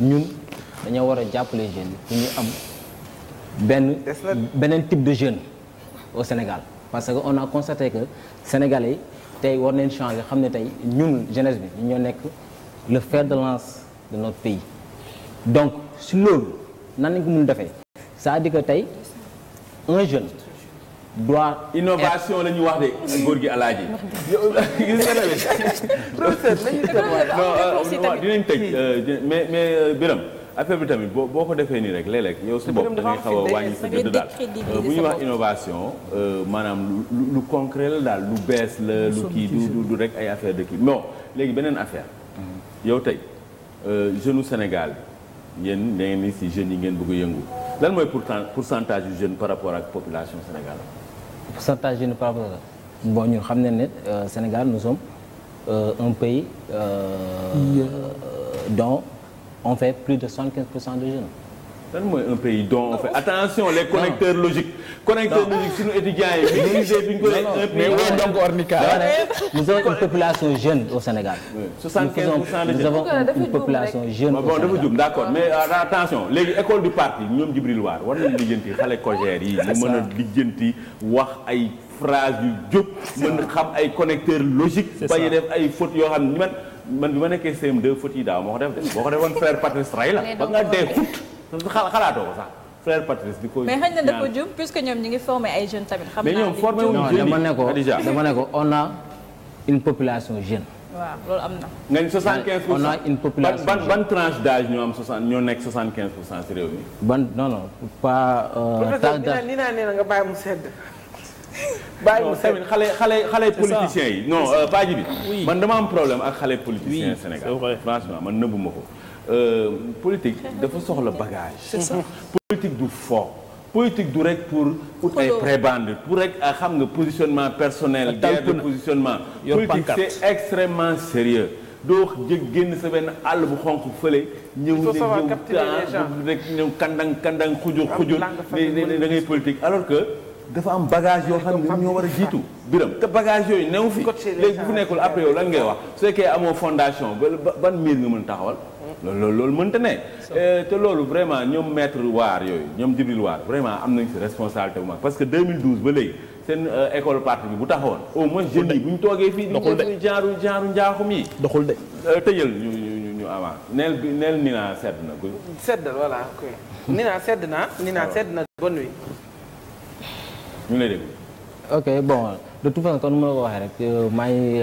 ñun dañoo war a jàppale jeunes bi ñu am benn beneen type de jeune au Sénégal parce que on a constaté que Sénégalais yi tey war neen changer xam ne tey ñun jeunesse bi ñoo nekk le fer de lance de notre pays donc si loolu nan lañ ko mun defee cest à tey un jeune doit innovation la ñuy wax de góor gi alaaji. gis nga tamit. professeur non euh, dinañ euh, mais mais euh, Birame affaire bi tamit boo boo ko defee nii rek léeg-léeg yow si bopp da ngay xaw a wàññi sa gëdd daal bu ñu wax innovation maanaam lu lu concret la daal lu bees la lu kii du du rek ay affaire de kii non léegi beneen affaire. Mm-hmm. yow tey jeune Sénégal yéen ngeen ni si jeunes yi ngeen bëgg yëngu lan mooy pourtant pourcentage yu jeunes par rapport ak population sénégalaise. pourcentage bi par rapport bon ñun xam nañ ne euh, Sénégal nous sommes euh, un pays euh, dont on fait plus de soixante-quinze pour cent de jeunes lan mooy un pays dont on fait attention les connecteurs logiques. connecteurs logiques suñu étudiants yi. maîtriser bi ñu ko def un pays. donc Ornica. nous avons une population jeune au Sénégal. 75 pour cent de jeunes nous avons une population jeune. Ah bon mais euh, attention léegi école du parti ñoom Djibril War war nañu lijjanti xale cogère yi. ñu mën a lijjanti wax ay. phrase yu jóg mën xam ay connecteur logique bañu def ay fautes yoo xam ni man bi ma nekkee CM2 fautes yi moo ko def de boo xalaatoo ko sax frère Patrice di ko. mais xëy na dafa jub puisque ñoom ñi ngi formé ay jeunes tamit. xam naa mais ne ko dama population jeune. waaw am na. nga ni 75 pour cent on a ban ban tranche d'âge ñoo am 60 ñoo nekk 75 pour cent ci réew mi. ban non non pas. Euh, professeur bi naan nii naa nee na nga bàyyi mu sedd. bàyyi mu sedd xale xale xale yi. non euh, Paa man dama am problème ak xale politiciens Sénégal franchement man nëbbu ma ko. Euh, politique dafa soxla bagage. c'est ça politique du fo. politique du rek pour pour ay prébendes pour rek ah, xam nga positionnement personnel. guerre de positionnement. politique c'est extrêmement sérieux doo génn sa benn àll bu xonq fële. ñëw ne ñëw rek ñëw kandang kandang xujur xujur. ne da ngay politique alors que. dafa am bagage yoo xam ne ñoo war a jiitu biram te bagage yooyu new fi léegi bu fi nekkul après yow lan ngay wax su fekkee amoo fondation ba ban miir nga mën taxawal. loolu loolu mënta ne. Euh, te loolu vraiment ñoom maître waar yooyu ñoom Djibril waar vraiment am nañ si responsabilité bu mag parce que 2012 ba léegi seen euh, école parti bi bu taxawoon. au moins jeunes yi bu ñu toogee fii. doxul de genre genre njaaxum yi. doxul de euh, tëjal ñu ñu ñu avant neel neel Nina sedd na. sedd voilà ok Nina sedd na. Nina sedd na bonne nuit. ñu lay déglu. ok bon de toute façon kon nu ma ko waxee rek maa ngi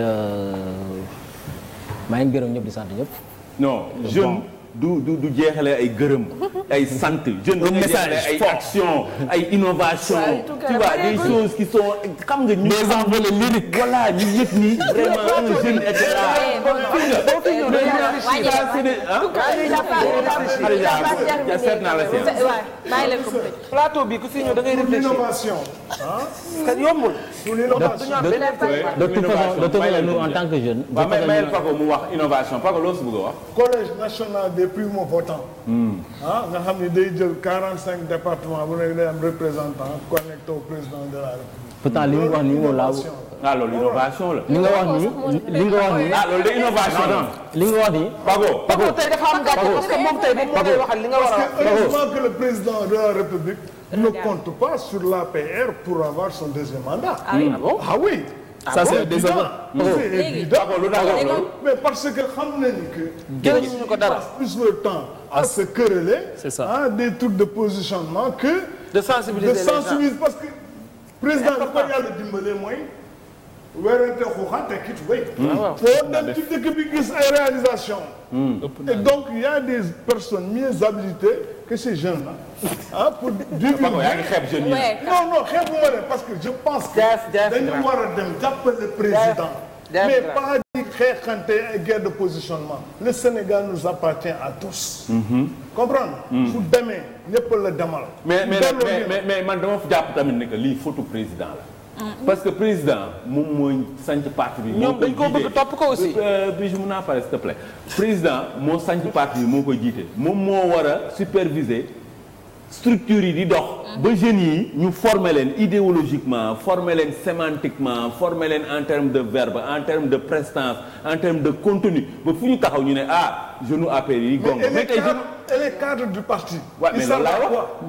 maa ngi gërëm ñëpp di sant ñëpp. non jeune du du du ay gërëm. ay sant jeune du message ay action ay innovation. tu vois des choses qui sont xam nga. ñu des envolées lyriques. voilà ñu yëg ni vraiment un jeune était là. plateau bi ku si ñëw da ngay réfléchir. innovation. de toute façon de toute façon nous en tant que jeunes. waaw mais mayel Paco mu wax innovation Paco loo si bëgg a wax. collège national des primo-votants. Hmm. ah nga xam ne day jël quarante cinq départements bu nekk day am représentant connecté au président de la République. pourtant li mu wax nii moom laa. ah loolu innovation la. li nga wax nii li nga wax nii. ah loolu de innovation la. li nga wax nii. Paco Paco tey dafa am gàcce parce que moom tey moom moo koy waxal li nga war a wax. Paco parce que heureusement que le président de la République. ne compte pas sur l'APR pour avoir son deuxième mandat. ah oui mm. ah, ah oui. ça c'est ah évident c'est mais parce que xam nañu que. gën ko dara plus le temps à ah, se quereller. c'est ça des trucs de positionnement que. de sensibiliser les gens parce que président bi ko yàlla dimbalee mooy. weerante xuuxante kiitu béy. Mm. Ah, waaw foo dem ci dëkk bi gis ay réalisation mm. et donc il y a des personnes mieux habilitées que ces ah, jeunes là. pour divulguer yaa yi. non non xeebu ma leen parce que je pense que. dañu war a dem président. mais pas di xeexante guerre de positionnement. le Sénégal nous appartient à tous. Mm-hmm. comprendre. fu mm. demee ñëpp la demal. mais mais mais man dama jàpp tamit ne que lii photo président la. Mm-hmm. parce que président moom mooy sanc parti bi. ñoom dañ koo bëgg topp ko aussi. Euh, bi mun naa président moo sanc parti bi moo koy jiite moom moo war a superviser structures yi di dox. Mm-hmm. ba jeunes yi ñu forme leen idéologiquement former leen sémantiquement forme leen en termes de verbe en termes de prestance en termes de contenu ba fu ñu taxaw ñu ne ah jeune APR yi gong. mais du parti. waaw mais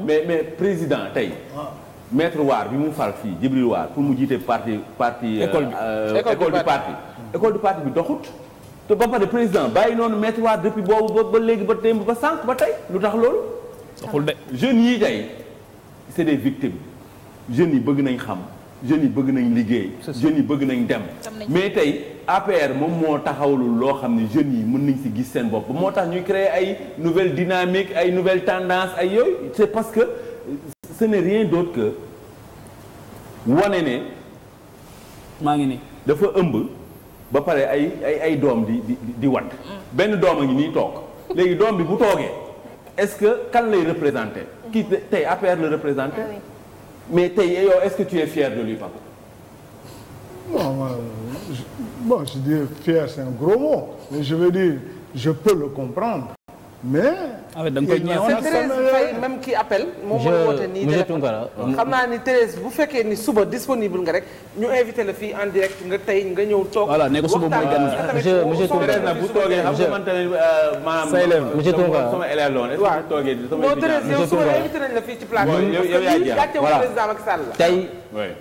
mais mais président tey. Ah. maître waar bi mu fal fii Jibril waar pour mu jiite parti parti. école euh, bi école du euh, parti école du parti bi doxut. te ba pare président bàyyi noonu maître waar depuis boobu ba ba léegi ba démb ba sànq ba tey lu tax loolu. doxul de jeunes yi tey c'est des victimes jeunes yi bëgg nañ xam jeunes yi bëgg nañ liggéey. jeunes yi bëgg nañ dem. mais tey APR moom moo taxawlul loo xam ne jeunes yi mën nañ si gis seen bopp moo tax ñuy créer ay nouvelle dynamique ay nouvelle tendance ay yooyu c'est parce que. ce n'est rien d'autre que wane ne. maa ngi nii dafa ëmb ba pare ay ay ay doom di di di benn doom a ngi nii toog léegi doom bi bu toogee est-ce que kan lay représenter. kii tey APR le représenté ah mais tey yow est-ce que tu es fier de lui papa. bon je dis fier c'est un gros mot mais je veux dire je peux le comprendre. mais. ah da nga koy ñëwoon ak kii appel. moom mooy woote nii euh, naa ni Thérèse bu fekkee ni suba disponible nga rek ñu invité la fii en direct nga tey nga ñëw toog. voilà ne ko suba mooy gan monsieur monsieur Tounkara na bu toogee xam nga man tamit euh, suba invité nañ la fii ci plateau.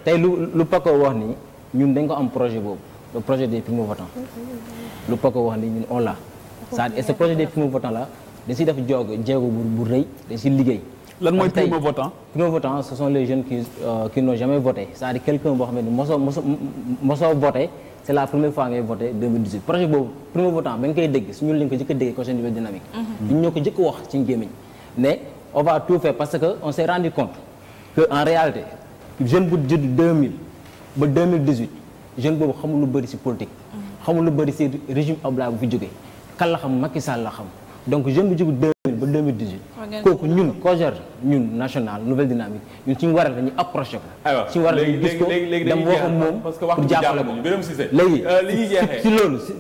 tey lu lu Paco wax nii ñun dañ ko am projet boobu projet des primo lu Paco wax nii ñun on l'a et projet des primo votants dañ siy def jog jéego bu rëy dañ siy liggéey. lan mooy primo votant primo votant ce sont les jeunes qui euh, qui n'ont jamais voté ne mosoo mosoo mosoo voté projet boobu primo koy dégg suñu lañ ko jëkk a déggee Caution du dynamique mhm. ñu ñoo ko jëkk wax ci gémmiñ mais on va tout faire parce que on s'est rendu compte que en réalité jeune bu jeune boobu xamul lu bëri ci politique mhm. xamul lu bëri ci régime Abdoulaye bu fi jógee kan la xam Macky Sall la xam donc jeune bu jug 2000 ba 2018. kooku ñun COJER ñun national nouvelle dynamique ñun suñu waral dañuy ñu ko. aywa léegi léegi léegi dañuy jeexal moom parce que waxtu bi jàppale ko Birame Cissé léegi si euh, loolu si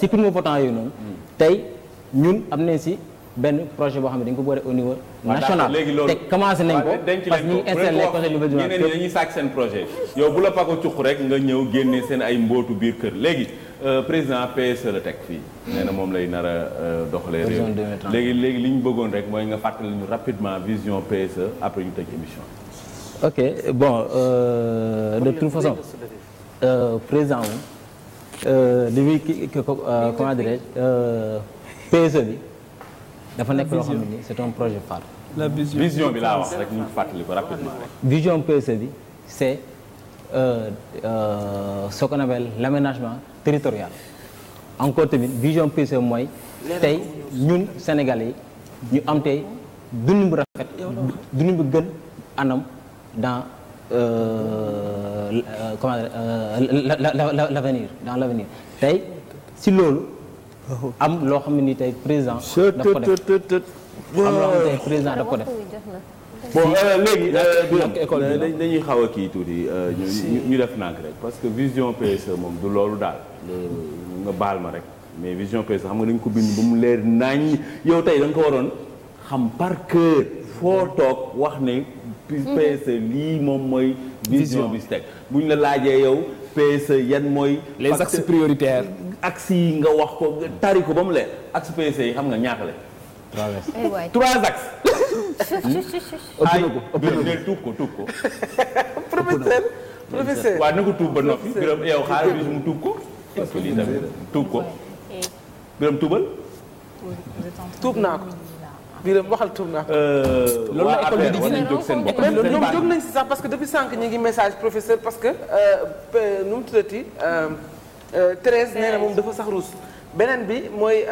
si primo votant yooyu noonu. Hmm. tey ñun am nañ si benn projet boo xam ne dañ ko boole au niveau. national te commencé nañ ko parce que ñu ngi installé conseil nouvelle dynamique ñeneen ñi dañuy seen projet yow bu la pako cuq rek nga ñëw génne seen ay mbootu biir kër léegi Euh, président PSE la teg fii. nee na moom lay nar a euh, doxalee réew léegi léegi li ñu bëggoon rek mooy nga fàttali ñu rapidement vision PSE après ñu tëj émission ok bon euh, de toute façon euh, président moom euh, li muy comment dirais-je PSE bi dafa nekk loo bi ne c'est un projet phare. la vision bi laa wax rek ñu fàttali ko rapidement. vision PSE bi c'est euh, ce qu'on appelle l'aménagement territoriale encore tamit vision PSE mooy tey ñun Sénégalais yi ñu am tey dund bu rafet dund bu gën anam dans euh, comment euh, l' avenir dans la avenir tey si loolu am loo xam ne ni tey président daf ko def am loo xam ne tey président daf ko def bon euh, léegi dañuy xaw a kii tuuti ñu def nànk rek parce que vision PSE moom du loolu daal Euh, nga baal ma rek mais vision PSE xam nga dañ ko bind ba mu leer nañ yow tey da nga ko waroon xam par cœur foo toog wax ne PSE lii moom mooy vision bi si teg bu ñu la laajee yow PSE yan mooy les axes prioritaires axes yi nga wax ko tari ko ba mu leer axe PSE yi xam nga ñaata la eh trois axes hmm? ay ne tuub ko tuub ko professeur professeur waaw na ko tuub ba noppi yow xaaral bi mu tuub ko est lii tamit tuub ko biram tuubal. tuub naa ko. Ah. biram waxal tuub naa ko. Euh, loolu la école bi di gis jóg seen bopp. loolu ñoom jóg nañ si sax parce que sànq ñu ngi message professeur parce que euh, euh, nu mu tuddati Thérèse nee na moom dafa sax ruus. beneen bi mooy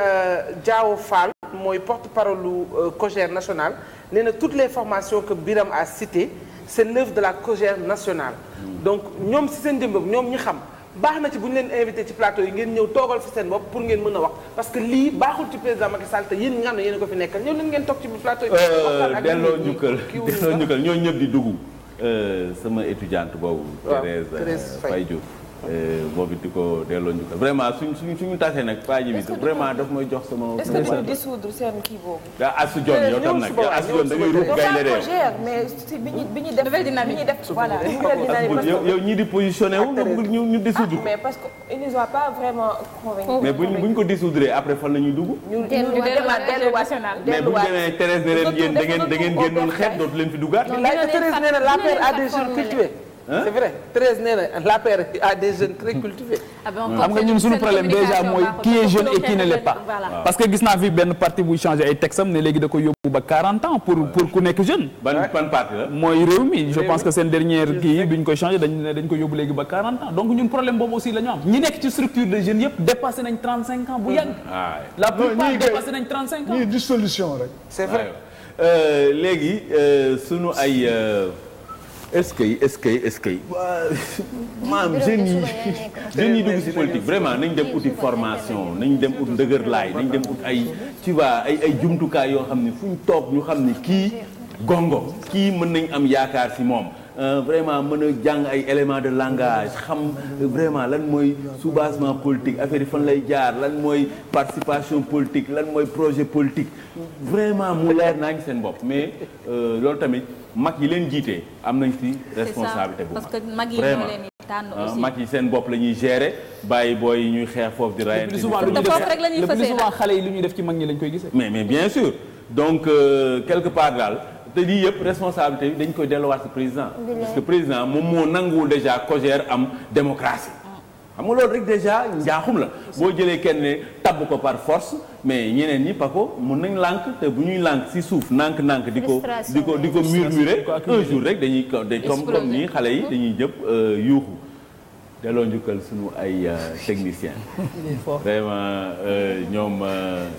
Diawo Fall mooy porte-parole lu COJER national nee na toutes les formations que Biram a citées c'est l'œuvre de la COJER nationale. Hmm. donc ñoom si seen jëm ñoom ñi xam. baax na ci bu ñu leen invité ci plateau yi ngeen ñëw toogal fi seen bopp pour ngeen mën a wax parce que lii baaxul ci président Macky Sall te yéen ñi nga xam ne yéen a ko fi nekkal ñëw leen ngeen toog ci plateau yi. Euh, delloo njukkal delloo njukkal ñoo ñëpp di dugg euh, sama étudiante boobu. Euh, Thérèse Faye Diouf moom it di ko delloo njukkal vraiment suñ suñ suñu tasee nag pa ji bi vraiment daf may jox sama. est-ce que du dissoudre seen kii de. mais si bi ñu bi ñu def nouvelle dynamique bi ñu def voilà nouvelle dynamique. yow yow ñii di positionné wu ñu ñu dissoudre. mais parce que ils ne sont pas vraiment convaincus. mais buñ ko dissoudre après fan la ñuy dugg. ñu delluwaat delluwaat mais bu ñu demee Thérèse ne leen yéen da ngeen da ngeen génnoon xeet dootu leen fi duggaat. la Thérèse nee na l'affaire a des c'est vrai treize nee na l'APR a des jeunes très cultivés. Ah xam nga ñun suñu problème déjà mooy qui est jeune et qui ne l'est pas. parce que gis naa fi benn parti buy changé ay texam ne léegi da ko yóbbu ba quarante ans pour pour ku nekk jeune. ban ban parti la. mooy réew mi je pense que seen dernière kii bi ñu ko changé dañ ne dañ ko yóbbu léegi ba quarante ans donc ñun problème boobu aussi la ñu am ñi de jeunes yëpp dépassé nañ trente cinq ans bu yàgg. la plupart dépassé nañ trente cinq ans. ñii di solution euh, léegi euh, sunu ay. Euh, est-ce que est-ce que est-ce que maam jeunes yi jeunes yi dugg ci politique vraiment nañ dem uti formation nañ dem ut ndëgër laay nañ dem ut ay tu ay ay jumtukaay yoo xam ne fu ñu toog ñu xam ni kii gongo kii mën nañ am yaakaar ci moom euh, vraiment mën a jàng ay éléments de langage xam vraiment lan mooy soubassement politique affaire yi fan lay jaar lan mooy participation politique lan mooy projet politique vraiment mu leer naa ngi seen bopp mais euh, loolu tamit mag yi leen jiite am nañ ci responsabilité bu mag vraiment ah, mag yi seen bopp la ñuy gérer bàyyi booy yi ñuy xeex foofu di rayante de plus souvent xale yi lu ñuy def ci mag ñi lañ koy gisee mais mais bien sûr donc euh, quelque part daal te lii yëpp responsabilité bi dañ koy delluwaat ci président parce que président moom moo nanguwul déjà cogère am démocratie xam nga loolu rek déjà njaaxum la boo jëlee kenn ne tabb ko par force mais ñeneen ñi pako mun nañ lànk te bu ñuy lànk si suuf nànk-nànk di ko di ko di ko murmurer un jour rek dañuy day comme comme nii xale yi dañuy jëpp euh, yuuxu delloo njukkal suñu ay euh, technicien vraiment euh, ñoom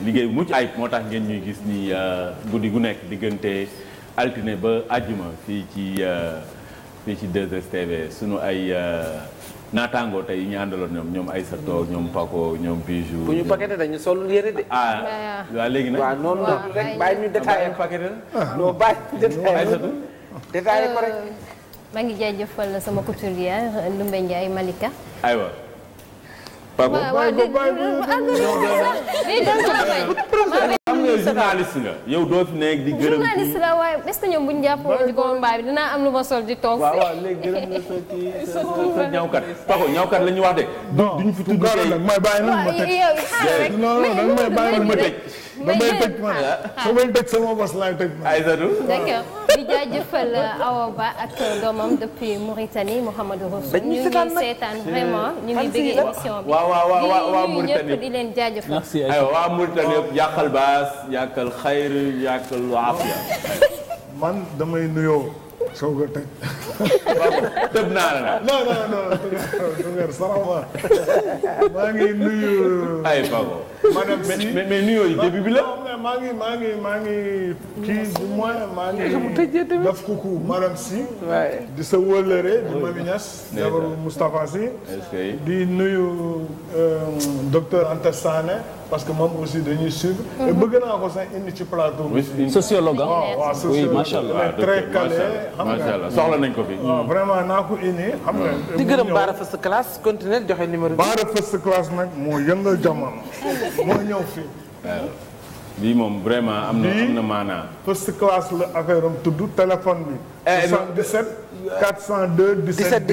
liggéey bu mucc ay moo tax ngeen ñuy gis ni guddi gu nekk diggante altine ba àjjuma fii ci fii ci 2STV suñu ay naataangoo tey yi ñu àndaloon ñoom ñoom Aïssatou ñoom Paco ñoom Bijou. bu ñu paqueté dañu sol yére de. ah waaw léegi nag waaw noonu la rek bàyyi ñu détaillé paqueté la. non bàyyi détaillé Aïssatou détaillé ko rek. maa ngi jaajëfal sama couturière Ndoumbe Ndiaye Malika. aywa. Paco waaw waaw dégg nga ñoom yow journaliste nga yow doo fi nekk di gërëm journaliste la waaye est ce que ñoom bu ñu jàppoo ci combat bi dinaa am lu ma sol di toog waaw ñawkat pako ñawkat la ñu wax de duñu fi tudd tey may bàyyi na ma tëj non non may bàyyi na ma tëj damay tëj man damay tëj sama bos laay tëj man. d'accord di jaajëfal euh, Awa Ba ak euh, doomam depuis Mauritanie Mouhamadou Rassoul. ñu ngi seetaan vraiment ñu ngi bëgg émission bi. waaw soo ko tëj. tëb naa la la. non non non maa ngi nuyu. ay Pago. madame si mais mais yi début bi la. maa ngi maa ngi maa ngi kii du moins maa ngi. daf kuku madame si. di sa wëllëre di Mami Niass. jabaru Moustapha Sy. di nuyu euh, docteur Anta parce que moom aussi dañuy suivre. Mm-hmm. bëgg naa ko sax indi ci plateau sociologue ah waaw sociologue. très ah, calé. xam nga soxla nañ ko fi. vraiment naa ko indi. xam nga mm. di gërëm Baara First Class continuer joxe numéro bi. Baara First Class nag moo yëngal jamono moo ñëw fii. moom vraiment am na am na maanaa. First Class la affaire am tudd téléphone bi. 77 402 17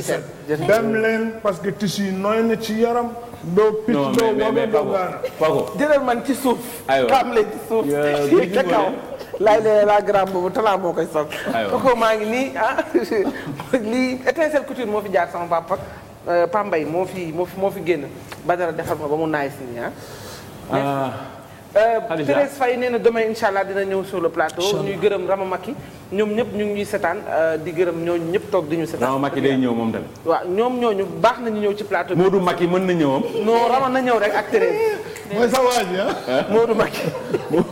17. dem leen parce que tissu yi nooy na ci yaram. doo picc doo wóor doo gaana. jëlal man ci suuf. aywa kaam suuf. ca kaw. laa léeg laa garaam boobu talent boo koy sol kooku maa ngi nii ah lii étincelle couture moo fi jaar sama papa euh, Pambay moo fi moo fi moo fi génn Badara defar ma ba mu naay si nii ah, ah. Euh, Aliou Thérèse Faye nee na demain incha dina ñëw sur le plateau. ñuy gërëm Rama Maki ñoom ñëpp ñu ngi ñuy euh, di gërëm ñooñu ñëpp toog di ñu setaan. Rama Maki day ñëw moom tamit. waaw ñoom ñoo ñooñu baax nañu ñëw ci plateau bi. Modou Maki mën na ñëwam. noo Rama na ñëw rek ak Thérèse. mooy sa waa ji ah. Modou Maki.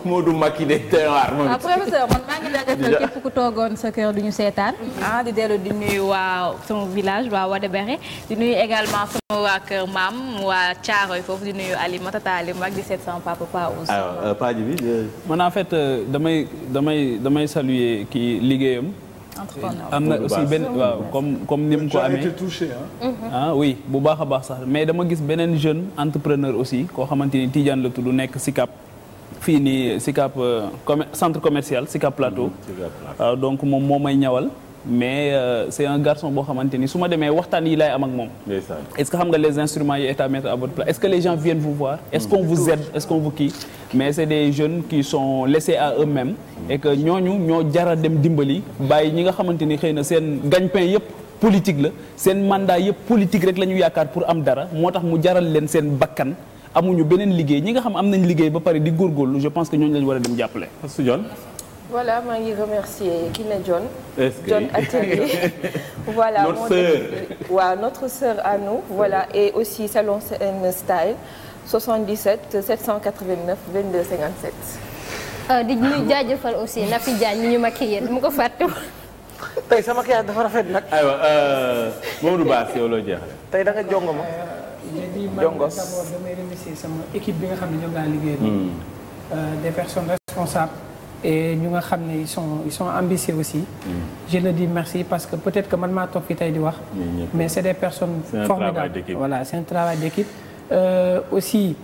Modou Maki day teewaar moom. waaw ah, professeur man maa ngi jaajëfal képp ku toogoon sa kër du ñu seetaan. Ah, di dellu di nuyu waa sama village waa Wadebere di nuyu également sama di nuyu Ali alors ah, euh, Paaji bi. man en fait euh, damay damay damay saluer kii liggéeyam. am na aussi benn waaw comme comme ni mu ko amee mhm. ah oui bu baax a baax sax mais dama gis beneen jeune entrepreneur aussi koo xamante ni Tidiane la tudd nekk Sicap fii nii Sicap euh, centre commercial Sicap Plateau. waaw ah, donc moom moo may ñawal. mais euh, c' est un boo xamante ni su ma demee waxtaan yi laay am ak moom. est ce que xam nga les instruments yi état mettre à votre place est ce que les gens viennent vous voir. est ce kii. mais c' est des jeunes qui sont laissés à eux que ñooñu ñoo jara dem dimbali. bàyyi ñi nga xamante ni xëy na seen gagne-pain yëpp. politique la seen mandat yëpp politique rek la ñu yaakaar pour am dara moo tax mu jaral leen seen bakkan amuñu beneen liggéey ñi nga xam am nañ liggéey ba pare di góorgóorlu je pense que ñooñu la ñu war a dem jàppale. voilà maa ngi remercier Kiné John. John Atelier. voilà notre sœur waaw ouais, notre sœur à nous. voilà et aussi salon CN Style 77 789 22 57. di ñu jaajëfal aussi Nafi Diagne mi ñu maquillé mu ko fàttu. tey sama maquillage dafa rafet nag. ay euh, Mamadou Bass yow loo jeexale. tey da nga jongo ma. Euh, jongos damay remercier sama équipe bi nga xam ne ñoom laa liggéey. Hmm. Euh, des personnes responsables. et ñu nga xam ne ils son ils ambitieux aussi. Mm. je le dis merci parce que peut-être que man maa toog ki tey di wax. mais c'est des personnes formidables voilà c'est un travail d'équipe euh, aussi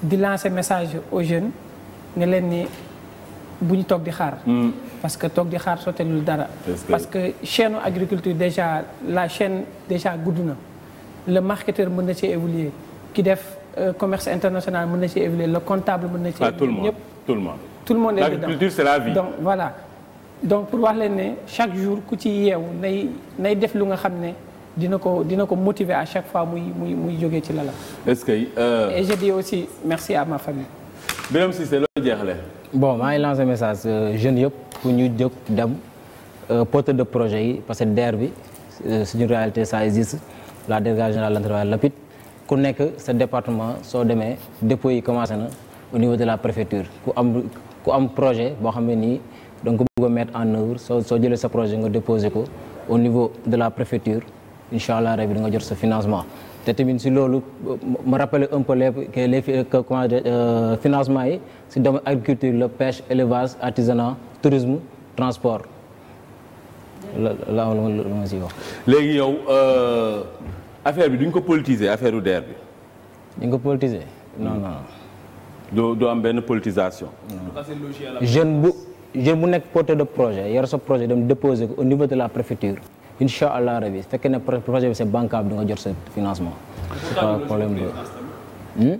di lancer message aux jeunes ne leen ni bu ñu toog di xaar. Mm. parce que togg di xaar sotteelul dara. parce que chainu agriculture déjà la chaîne déjà gudd na le marketeur mën na ci évoluer ki def euh, commerce international mën na ci évoluer le comptable mën na ci. évoluer ñëpp tout le tout le monde est la dedans. culture c'est la vie. donc donc pour wax leen ne chaque jour ku ci yeewu nay nay def lu nga xam ne dina ko dina ko motiver à chaque fois muy muy muy jógee ci lalam. est-ce que. Euh... et aussi merci à ma famille. Birame Cissé loolu jeexale. Euh, jeunes yëpp pour ñu jóg dem euh, porteur de projet yi parce que DER bi euh, c'est une réalité ça existe la direction générale de l'entreprise LAPIT ku nekk sa département soo demee dépôt yi commencé na au niveau de la préfecture ku am. ku am projet boo xam ne nii donc bëgg a en œuvre soo soo jëlee sa projet nga déposé ko au niveau de la préfecture incha allah rabi di nga jot sa financement. te tamit si loolu ma rappeler un peu les les euh, financement yi si domaine agriculture la pêche élevage artisanat tourisme transport. la la la ma siy wax. léegi yow euh, affaire bi duñ ko politiser affaire u DER bi. ko politiser non non. doo doo am benn politisation. jeune bu jeune bu nekk porteur de projet yor sa projet dem déposer ko au niveau de la préfecture incha allah rabi su fekkee ne projet bi c'est bancable di nga jot financement. c'est pas problème de. Hmm?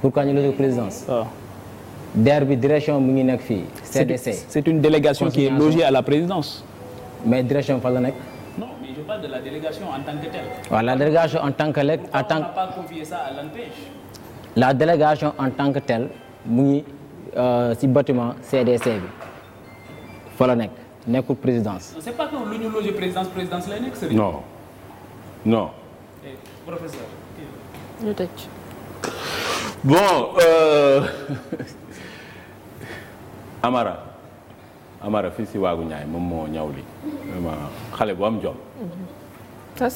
pourquoi présidence. pourquoi ah. bi direction mu ngi nekk fii. CDC c'est une délégation qui est logée à la présidence. mais direction fan nekk. la délégation en tant que telle. en tant que en tant que. en tant que. on n'a pas confié ça la délégation en tant que telle mu ngi euh, ci bâtiment CDC bi fa la nekk nekkul présidence. c'est pas présidence présidence lay nekk eh, euh, Amara Amara fii si waagu ñaay moom moo ñaw li xale bu am jom. ça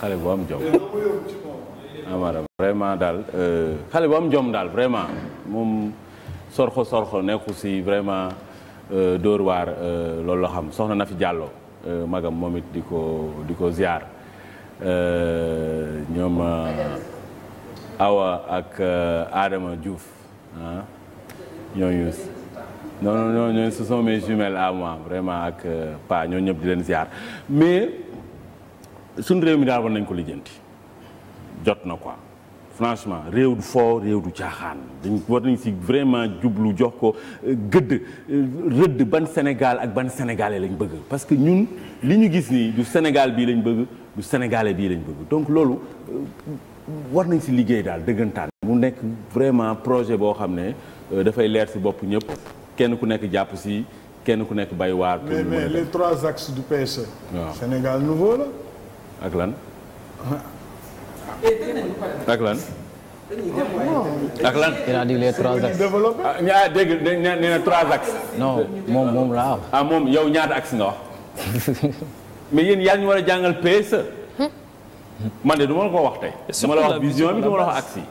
xale bu am jom. Eh, Amara ah, vraiment daal euh, xale bu am jom daal vraiment moom sorxo sorxo nekku si vraiment euh, Dóor waar euh, loolu la xam soxna na fi jàlloo magam moom it di ko di ko ziar ñoom Awa ak Adama Diouf ah ñooñu non non ñooñu ce sont mes jumelles vraiment ak Pa ñoo ñëpp di leen ziar mais sun réew mi daal war nañ ko lijjanti. jot na ko franchement réew du foo réew du caaxaan dañ war nañ si vraiment jublu jox ko euh, gëdd euh, rëdd ban Sénégal ak ban sénégalais lañ bëgg parce que ñun li ñu gis nii du Sénégal bii lañ bëgg du sénégalais bii lañ bëgg donc loolu euh, war nañ si liggéey daal dëggantaan. mu nekk vraiment projet boo xam ne dafay leer si bopp ñëpp kenn ku nekk jàpp si kenn ku nekk bay waar. pour mais mais les trois axes du PSE. waaw Sénégal nouveau la. ak lan. Ah. ak lan. ak lan. il a dit les trois axes. dégg nee na trois axes. moom moom ah moom yow ñaata axes nga wax. mais yéen yaa ñu war a jàngal PSE. Hmm? man de du ma la ko wax tey. dama la wax vision bi dama la wax axes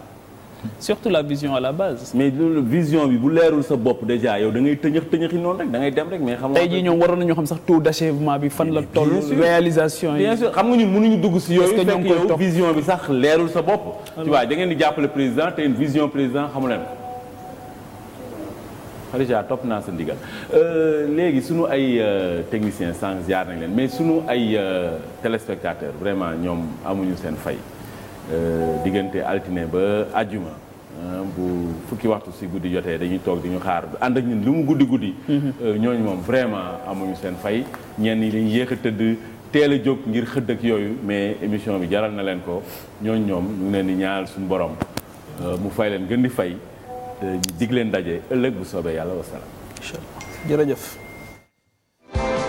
surtout la vision à la base. mais loolu vision bi bu leerul sa bopp déjà yow da ngay tëñëx tëñëxi noonu rek da ngay dem rek mais. xam nga tey jii waroon nañoo xam sax taux d'achèvement fan la toll. réalisation yi bien sûr xam nga dugg si yooyu. fekk yow vision bi sax leerul sa bopp. tu vois da ngeen di jàppale président te une vision président xamu topp naa sa ndigal euh, léegi sunu ay euh, techniciens sànq ziar leen mais sunu ay euh, téléspectateurs vraiment ñoom amuñu seen fay. Euh, diggante altine ba àjjuma euh, bu fukki waxtu si guddi jotee dañuy toog di ñu xaar ànd ak ñun lu mu guddi guddi. Mhm. Euh, ñooñu moom vraiment amuñu seen fay. ñenn yi dañuy yéex a tëdd teel a jóg ngir xëdd ak yooyu mais émission bi jaral na leen ko ñooñu ñoom ñu ngi leen di ñaanal suñu borom mu fay leen gën di fay te dig leen daje ëllëg bu soobee yàlla wasalaam. incha allah jërëjëf.